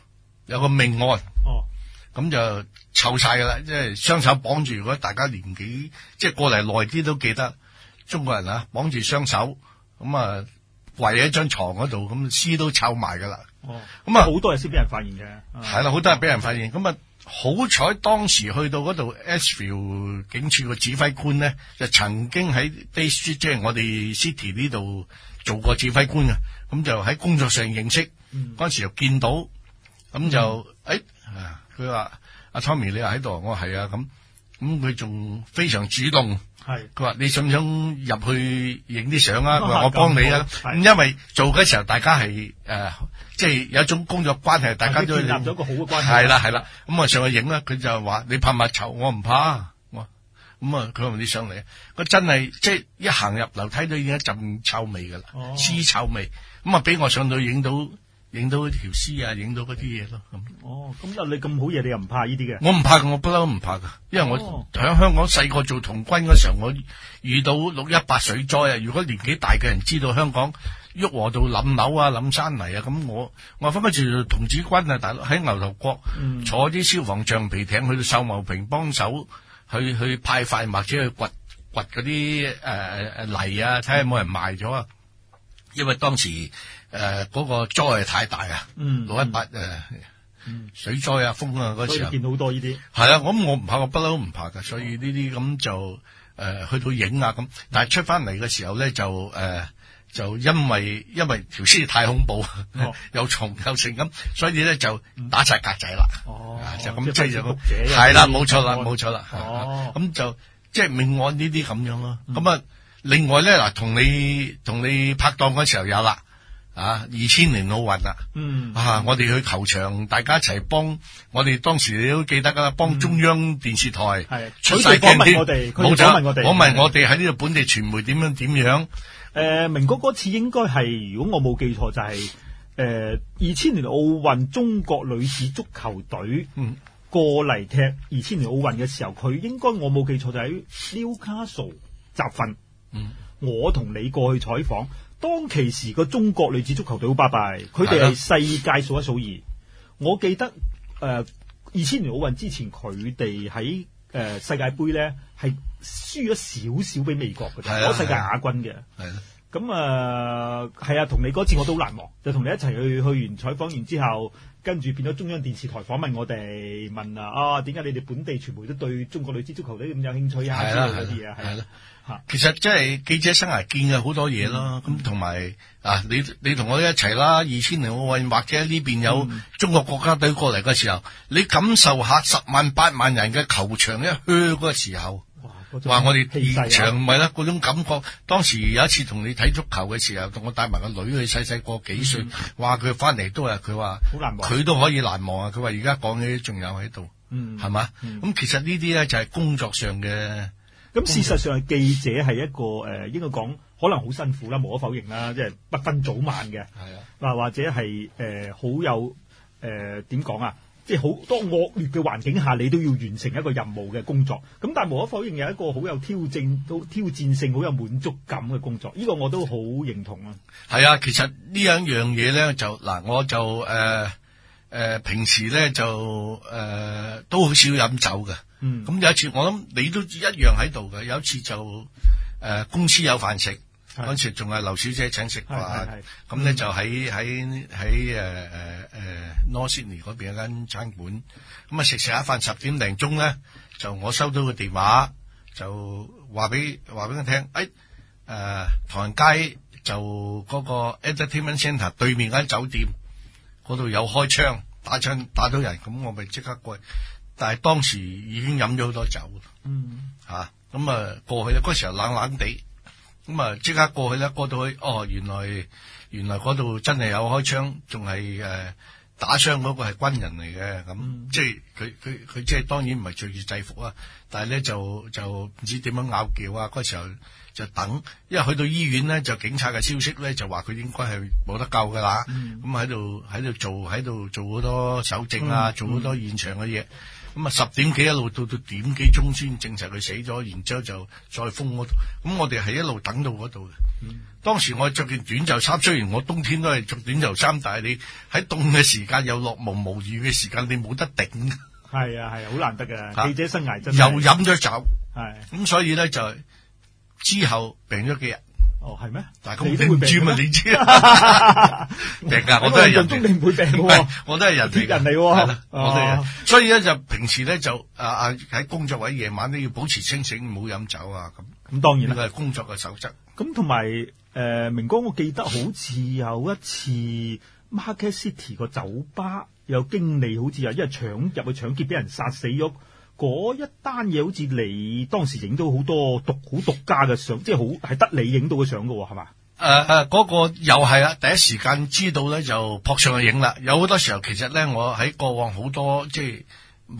有個命案。哦。咁就。湊晒噶啦，即係雙手綁住。如果大家年紀即係過嚟耐啲，都記得中國人綁手、嗯、啊，綁住雙手咁啊，圍喺張床嗰度，咁屍都臭埋噶啦。哦，咁啊好多人先俾人發現嘅，係啦，好、嗯、多人俾人發現。咁、嗯、啊、嗯、好彩當時去到嗰度，Ashfield 警署個指揮官咧就曾經喺 Day Street，即係我哋 City 呢度做過指揮官啊，咁就喺工作上認識嗰陣、嗯、時又見到，咁就誒，佢、嗯、話。哎啊阿 Tommy，你又喺度？我話係啊，咁咁佢仲非常主動。係佢話，你想唔想入去影啲相啊？佢話、我幫你啊、嗯。因為做嘅時候，大家係、呃、即係有一種工作關係，大家都建立咗個好嘅關係。係啦，係啦。咁、嗯、啊上去影啦，佢就話你怕唔怕臭？我唔怕、啊嗯。我咁啊，佢話你上嚟啊？佢真係即係一行入樓梯都已經一陣臭，臭味噶啦，黐、哦、臭味。咁啊俾我上到影到。影到嗰條屍啊，影到嗰啲嘢咯咁。哦，咁有你咁好嘢，你又唔怕呢啲嘅？我唔怕噶，我不嬲都唔怕噶，因為我響香港細個做童軍嗰時候，我遇到六一八水災啊！如果年紀大嘅人知道香港喐和到冧樓啊、冧山泥啊，咁我我分翻住童子軍啊，大佬喺牛頭角、嗯、坐啲消防橡皮艇去到秀茂坪幫手去去派塊，或者去掘掘嗰啲誒誒泥啊，睇下冇人埋咗啊！因為當時。誒、呃、嗰、那個災太大啊！嗯，六一八誒、呃嗯，水災啊，風啊，嗰時候啊，見到好多呢啲係啊。咁我唔怕我不嬲都唔怕噶、呃呃哦。所以呢啲咁就誒，去到影啊咁，但係出翻嚟嘅時候咧，就誒、哦啊，就因為因為條屍太恐怖，又重又盛咁，所以咧就打晒格仔啦。哦，啊、就咁即係咁係啦，冇錯啦，冇錯啦。咁就即、是、係命案呢啲咁樣咯、啊。咁、嗯、啊，另外咧嗱，同你同你拍檔嗰時候有啦。啊！二千年奧運啊，嗯啊，我哋去球場，大家一齊幫我哋當時你都記得㗎啦，幫中央電視台係取晒我添，冇、嗯、走問我哋，我問我哋喺呢度本地傳媒點樣點樣？誒、呃，明哥嗰次應該係如果我冇記錯就係、是、誒、呃、二千年奧運中國女子足球隊嗯過嚟踢二千年奧運嘅時候，佢應該我冇記錯就喺 Newcastle 集訓，嗯，我同你過去採訪。當其時個中國女子足球隊，好拜拜，佢哋係世界數一數二。我記得誒，二、呃、千年奧運之前佢哋喺誒世界杯咧係輸咗少少俾美國嘅，攞世界亞軍嘅，係。咁、嗯嗯、啊，係啊，同你嗰次我都難忘，就同你一齊去去完採訪完之後跟住變咗中央電視台訪問我哋，問啊，啊點解你哋本地傳媒都對中國女子足球隊咁有興趣啊？啲啊，係啦、啊，吓、啊啊啊啊，其實真係記者生涯見嘅好多嘢啦，咁同埋啊，你你同我哋一齊啦，二千零奧運或者呢邊有中國國家隊過嚟嘅時候、嗯，你感受下十萬八萬人嘅球場一噓嗰個時候。話、啊、我哋現場唔係啦，嗰、啊啊、種感覺，當時有一次同你睇足球嘅時候，同我帶埋個女去小小，細細個幾歲，話佢翻嚟都係，佢話佢都可以難忘啊，佢話而家講起仲有喺度，嗯，係嘛？咁、嗯、其實呢啲咧就係工作上嘅。咁事實上，記者係一個誒、呃，應該講可能好辛苦啦，無可否認啦，即、就、係、是、不分早晚嘅，係啊，嗱或者係誒、呃、好有誒點講啊。即係好多惡劣嘅環境下，你都要完成一個任務嘅工作。咁但係無可否認有一個好有挑戰、好挑戰性、好有滿足感嘅工作。呢、呢個我都好認同啊。係啊，其實呢一樣嘢咧就嗱，我就誒誒、呃呃、平時咧就誒、呃、都好少飲酒嘅。嗯，咁有一次我諗你都一樣喺度嘅。有一次就誒、呃、公司有飯食。嗰時仲係劉小姐請食飯，咁咧就喺喺喺誒誒誒 North Sydney 嗰邊有間餐館，咁啊食食下飯十點零鐘咧，就我收到個電話，就話俾話俾佢聽，誒誒、哎呃、唐人街就嗰個 Entertainment Centre 對面間酒店嗰度有開槍打槍打到人，咁我咪即刻過，但係當時已經飲咗好多酒，嗯吓，咁啊過去咧嗰時又冷冷哋。咁啊，即刻過去啦，過到去哦，原來原來嗰度真係有開槍，仲係誒打傷嗰個係軍人嚟嘅，咁、嗯、即係佢佢佢即係當然唔係着住制服啊，但係咧就就唔知點樣拗撬啊，嗰時候就等，因為去到醫院咧就警察嘅消息咧就話佢應該係冇得救㗎喇，咁喺度喺度做喺度做好多搜證啊，嗯、做好多現場嘅嘢。咁、嗯、啊，十點幾一路到到點幾鐘先證實佢死咗，然之後就再封嗰度。咁我哋係一路等到嗰度嘅。當時我着件短袖衫，雖然我冬天都係着短袖衫，但係你喺凍嘅時間又落毛無雨嘅時間，你冇得頂。係啊係啊，好、啊、難得嘅、啊、記者生涯真係。又飲咗酒。係、啊，咁、嗯、所以咧就之後病咗幾日。哦，係咩？但你唔會病啊！你知啊， 病啊！我都係人中，你唔會病。唔係 我都係人人嚟、哦。我哋啊，所以咧，就平時咧就啊啊喺工作位夜晚都要保持清醒，唔好飲酒啊。咁咁，當然啦，佢係工作嘅守則。咁同埋誒，明哥我記得好似有一次，Market City 個酒吧有經理，好似啊，因為搶入去搶劫殺，俾人殺死咗。嗰一單嘢，好似你當時影到好多獨好獨家嘅相，即係好係得你影到嘅相嘅係嘛？誒誒，嗰、呃啊嗰個又係啊！第一時間知道咧就撲上去影啦。有好多時候其實咧，我喺過往好多即係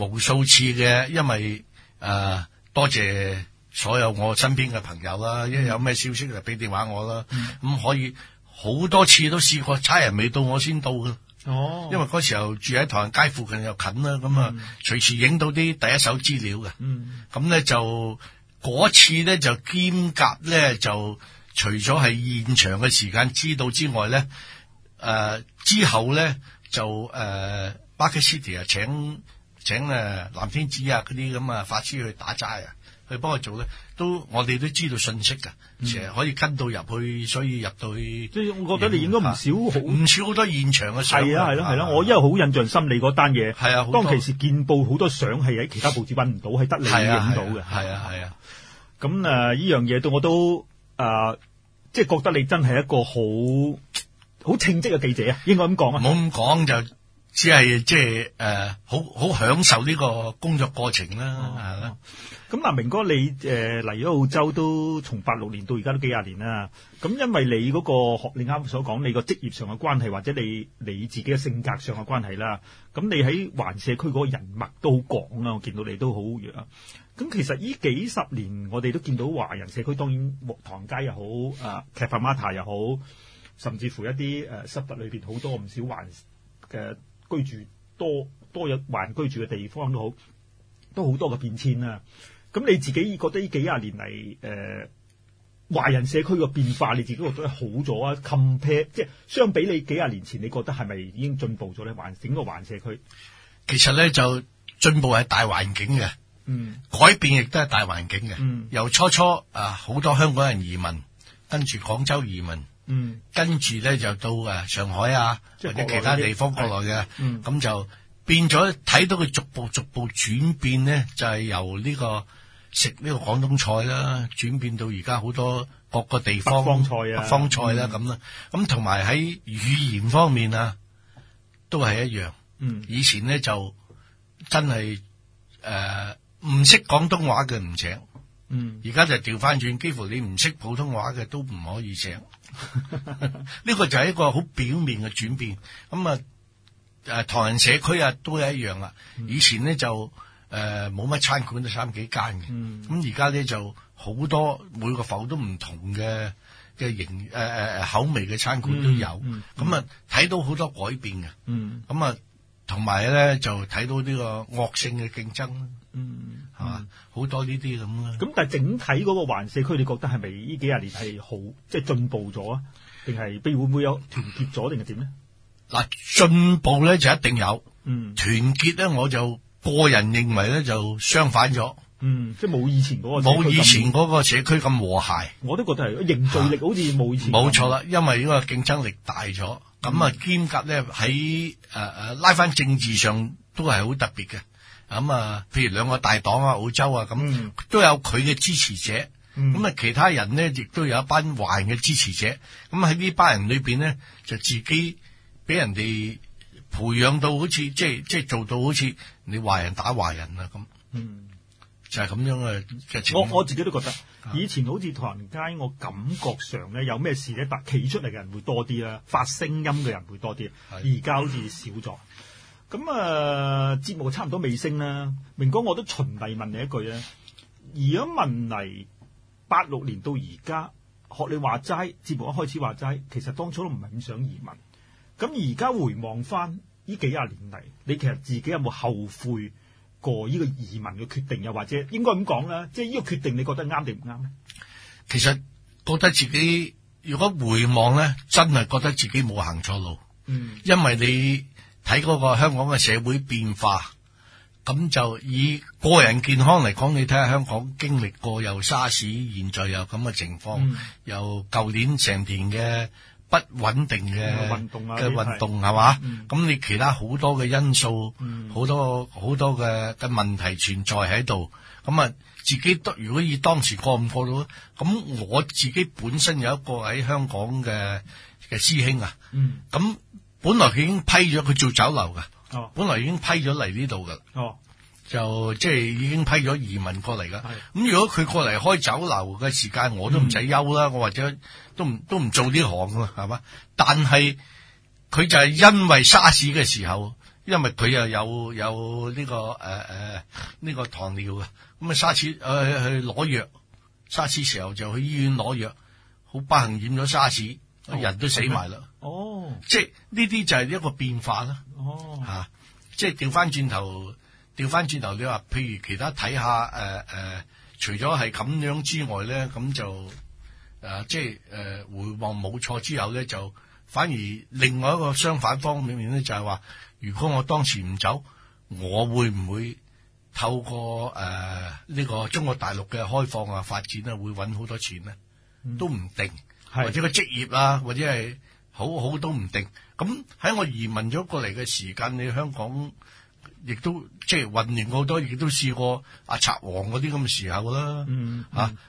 無數次嘅，因為誒、呃、多謝所有我身邊嘅朋友啦，因為有咩消息就俾電話我啦。咁、嗯嗯、可以好多次都試過差人未到我先到嘅。哦，因為嗰時候住喺唐人街附近又近啦，咁啊隨時影到啲第一手資料嘅。嗯，咁咧就嗰次咧就兼夾咧就除咗係現場嘅時間知道之外咧，誒、呃、之後咧就誒 Market City 請請啊請請誒藍天子啊啲咁啊法師去打齋啊。去幫佢做咧，都我哋都知道信息噶，成日可以跟到入去，所以入到去。即、嗯、係我覺得你影咗唔少好，唔、啊、少好多現場嘅相。係啊，係咯、啊，係咯、啊啊啊啊。我因為好印象心理嗰單嘢。啊，當其時見報好多相係喺其他報紙揾唔到，係得你影到嘅。係啊，係啊。咁啊，呢樣嘢對我都啊，即係、啊啊啊啊啊啊就是、覺得你真係一個好好稱職嘅記者啊！應該咁講、就是就是、啊。唔好咁講就只係即係誒，好好享受呢個工作過程啦，啦、啊。咁嗱，明哥你，你誒嚟咗澳洲都從八六年到而家都幾廿年啦。咁因為你嗰、嗰個學，你啱所講你個職業上嘅關係，或者你你自己嘅性格上嘅關係啦。咁你喺華人社區嗰個人脈都好廣啦。我見到你都好弱。咁其實呢幾十年，我哋都見到華人社區，當然木塘街又好，Cabramatta 又好，甚至乎一啲濕谷裏面好多唔少華人嘅居住，多多有華人居住嘅地方都好，都好多嘅變遷啊！咁你自己覺得呢幾廿年嚟，誒、呃、華人社區嘅變化，你自己覺得好咗啊？compare，即係相比你幾廿年前，你覺得係咪已經進步咗咧？環整個環社區，其實咧就進步係大環境嘅，嗯，改變亦都係大環境嘅、嗯，由初初啊好多香港人移民，跟住廣州移民，嗯，跟住咧就到誒上海啊、就是、或者其他地方過來嘅，咁、嗯、就變咗睇到佢逐步逐步轉變咧，就係、是、由呢、這個。食呢個廣東菜啦，轉變到而家好多各個地方北方菜啊，北方菜啦咁啦，咁同埋喺語言方面啊，都係一樣。嗯，以前咧就真係誒唔識廣東話嘅唔請。嗯，而家就調翻轉，幾乎你唔識普通話嘅都唔可以請。呢 個就係一個好表面嘅轉變。咁、嗯、啊，誒唐人社區啊都係一樣啦。以前咧就。誒、呃，冇乜餐館都三幾間嘅，咁而家咧就好多每個房都唔同嘅嘅型誒誒口味嘅餐館都有，咁啊睇到好多改變嘅，咁啊同埋咧就睇到呢個惡性嘅競爭，啊、嗯、係嘛、好、嗯、多呢啲咁啦。咁但係整體嗰個環社區，你覺得係咪呢幾廿年係好即係進步咗啊？定係譬如會唔會有團結咗定係點咧？嗱，進步咧就一定有，團、嗯、結咧我就。個人認為咧就相反咗，嗯，即係冇以前嗰個冇以前嗰個社區咁和諧。我都覺得係凝聚力好似冇以前咁冇錯啦，因為呢個競爭力大咗，咁、嗯、啊兼夾咧喺誒誒拉翻政治上都係好特別嘅，咁啊，譬如兩個大黨啊，澳洲啊咁，都有佢嘅支持者，咁、嗯、啊其他人咧亦都有一班壞嘅支持者，咁喺呢班人裏邊咧就自己俾人哋。培養到好似即係即係做到好似你華人打華人啊咁，嗯，就係、是、咁樣嘅。我我自己都覺得，啊、以前好似唐人街，我感覺上咧有咩事咧，但企出嚟嘅人會多啲啦，發聲音嘅人會多啲。而家好似少咗。咁啊，節、呃、目差唔多尾聲啦。明哥，我都循例問你一句啊，而如果問嚟八六年到而家，學你話齋，節目一開始話齋，其實當初都唔係咁想移民。咁而家回望翻呢幾廿年嚟，你其實自己有冇後悔過呢個移民嘅決定？又或者應該咁講啦，即係呢個決定，你覺得啱定唔啱咧？其實覺得自己如果回望咧，真係覺得自己冇行錯路。嗯，因為你睇嗰個香港嘅社會變化，咁就以個人健康嚟講，你睇下香港經歷過又沙士，現在又咁嘅情況，又、嗯、舊年成年嘅。不穩定嘅嘅運動係、啊、嘛，咁、嗯、你其他好多嘅因素，好、嗯、多好多嘅嘅問題存在喺度，咁啊自己得如果以當時過唔過到，咁我自己本身有一個喺香港嘅嘅師兄啊，咁、嗯、本來佢已經批咗佢做酒樓嘅、哦，本來已經批咗嚟呢度嘅，就即係已經批咗移民過嚟嘅，咁如果佢過嚟開酒樓嘅時間，我都唔使休啦、嗯，我或者。都唔都唔做呢行咯，係嘛？但係佢就係因為沙士嘅時候，因為佢又有有呢、這個誒誒呢個糖尿㗎。咁啊沙士去去攞藥，沙士時候就去醫院攞藥，好、嗯、不幸染咗沙士，人都死埋啦。哦，即係呢啲就係一個變化啦。哦，吓、啊，即係調翻轉頭，調翻轉頭，你話譬如其他睇下誒誒、呃呃，除咗係咁樣之外咧，咁就。啊，即係、啊、回望冇錯之後咧，就反而另外一個相反方面咧，就係話，如果我當時唔走，我會唔會透過誒呢、啊呢個中國大陸嘅開放啊發展啊，會揾好多錢咧、嗯？都唔定，或者個職業啊，或者係好好都唔定。咁喺我移民咗過嚟嘅時間，你香港。亦都即係運營好多，亦都試過、嗯嗯、啊，賊王嗰啲咁嘅時候啦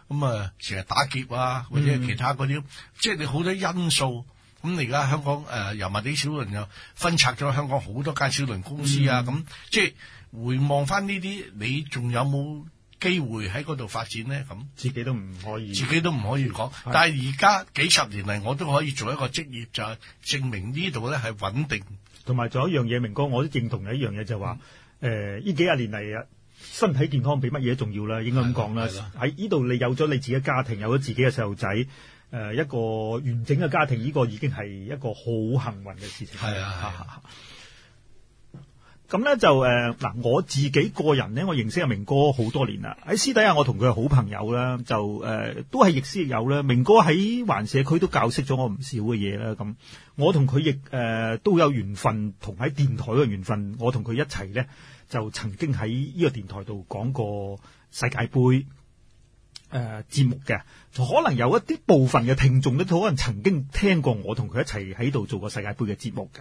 咁啊，成、嗯、日打劫啊，或者其他嗰啲、嗯，即係你好多因素。咁你而家香港誒，油麻地小輪又分拆咗香港好多間小輪公司啊。咁、嗯、即係回望翻呢啲，你仲有冇機會喺嗰度發展咧？咁自己都唔可以，自己都唔可以講。但係而家幾十年嚟，我都可以做一個職業，就係、是、證明呢度咧係穩定。同埋仲有一樣嘢，明哥我都認同嘅一樣嘢就係話，呢、嗯呃、幾廿年嚟啊，身體健康比乜嘢重要啦，應該咁講啦。喺呢度你有咗你自己嘅家庭，有咗自己嘅細路仔，誒一個完整嘅家庭，呢、呢個已經係一個好幸運嘅事情。係啊！咁咧就誒嗱、呃，我自己個人咧，我認識阿明哥好多年啦。喺私底下，我同佢係好朋友啦，就誒、呃、都係亦師亦友啦。明哥喺環社區都教識咗我唔少嘅嘢啦。咁我同佢亦誒都有緣分，同喺電台嘅緣分，我同佢一齊咧就曾經喺呢個電台度講過世界杯誒節目嘅。可能有一啲部分嘅聽眾咧，都可能曾經聽過我同佢一齊喺度做過世界杯嘅節目嘅。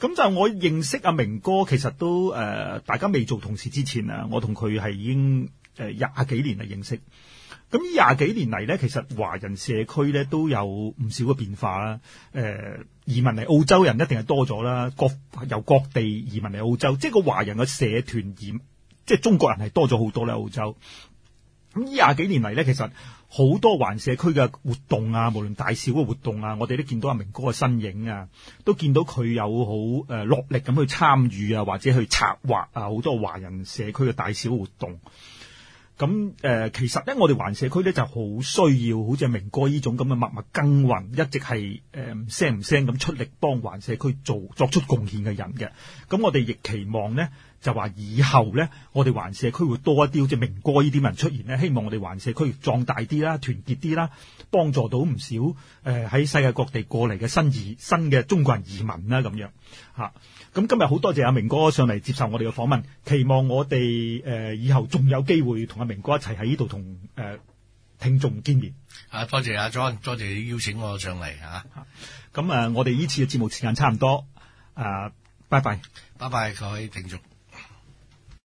咁就我認識阿明哥，其實都誒、呃，大家未做同事之前啊，我同佢係已經誒廿幾年嚟認識。咁呢廿幾年嚟咧，其實華人社區咧都有唔少嘅變化啦。誒、呃，移民嚟澳洲人一定係多咗啦，各由各地移民嚟澳洲，即係個華人嘅社團而即係中國人係多咗好多咧。澳洲咁呢廿幾年嚟咧，其實。好多環社區嘅活動啊，無論大小嘅活動啊，我哋都見到阿明哥嘅身影啊，都見到佢有好誒落力咁去參與啊，或者去策劃啊，好多華人社區嘅大小活動。咁誒、呃，其實咧，我哋環社區咧就好需要，好似明哥呢種咁嘅默默耕耘，一直係誒聲唔聲咁出力幫環社區做作出貢獻嘅人嘅。咁我哋亦期望呢。就話以後咧，我哋環社區會多一啲，即明哥呢啲人出現咧，希望我哋環社區壯大啲啦，團結啲啦，幫助到唔少誒喺、呃、世界各地過嚟嘅新移新嘅中國人移民啦、啊，咁樣吓。咁、啊、今日好多謝阿明哥上嚟接受我哋嘅訪問，期望我哋誒、呃、以後仲有機會同阿明哥一齊喺呢度同誒聽眾見面。啊，多謝阿尊，多謝你邀請我上嚟吓。咁啊，啊，啊，我哋呢次嘅節目時間差唔多，啊，拜拜，拜拜，各位聽眾。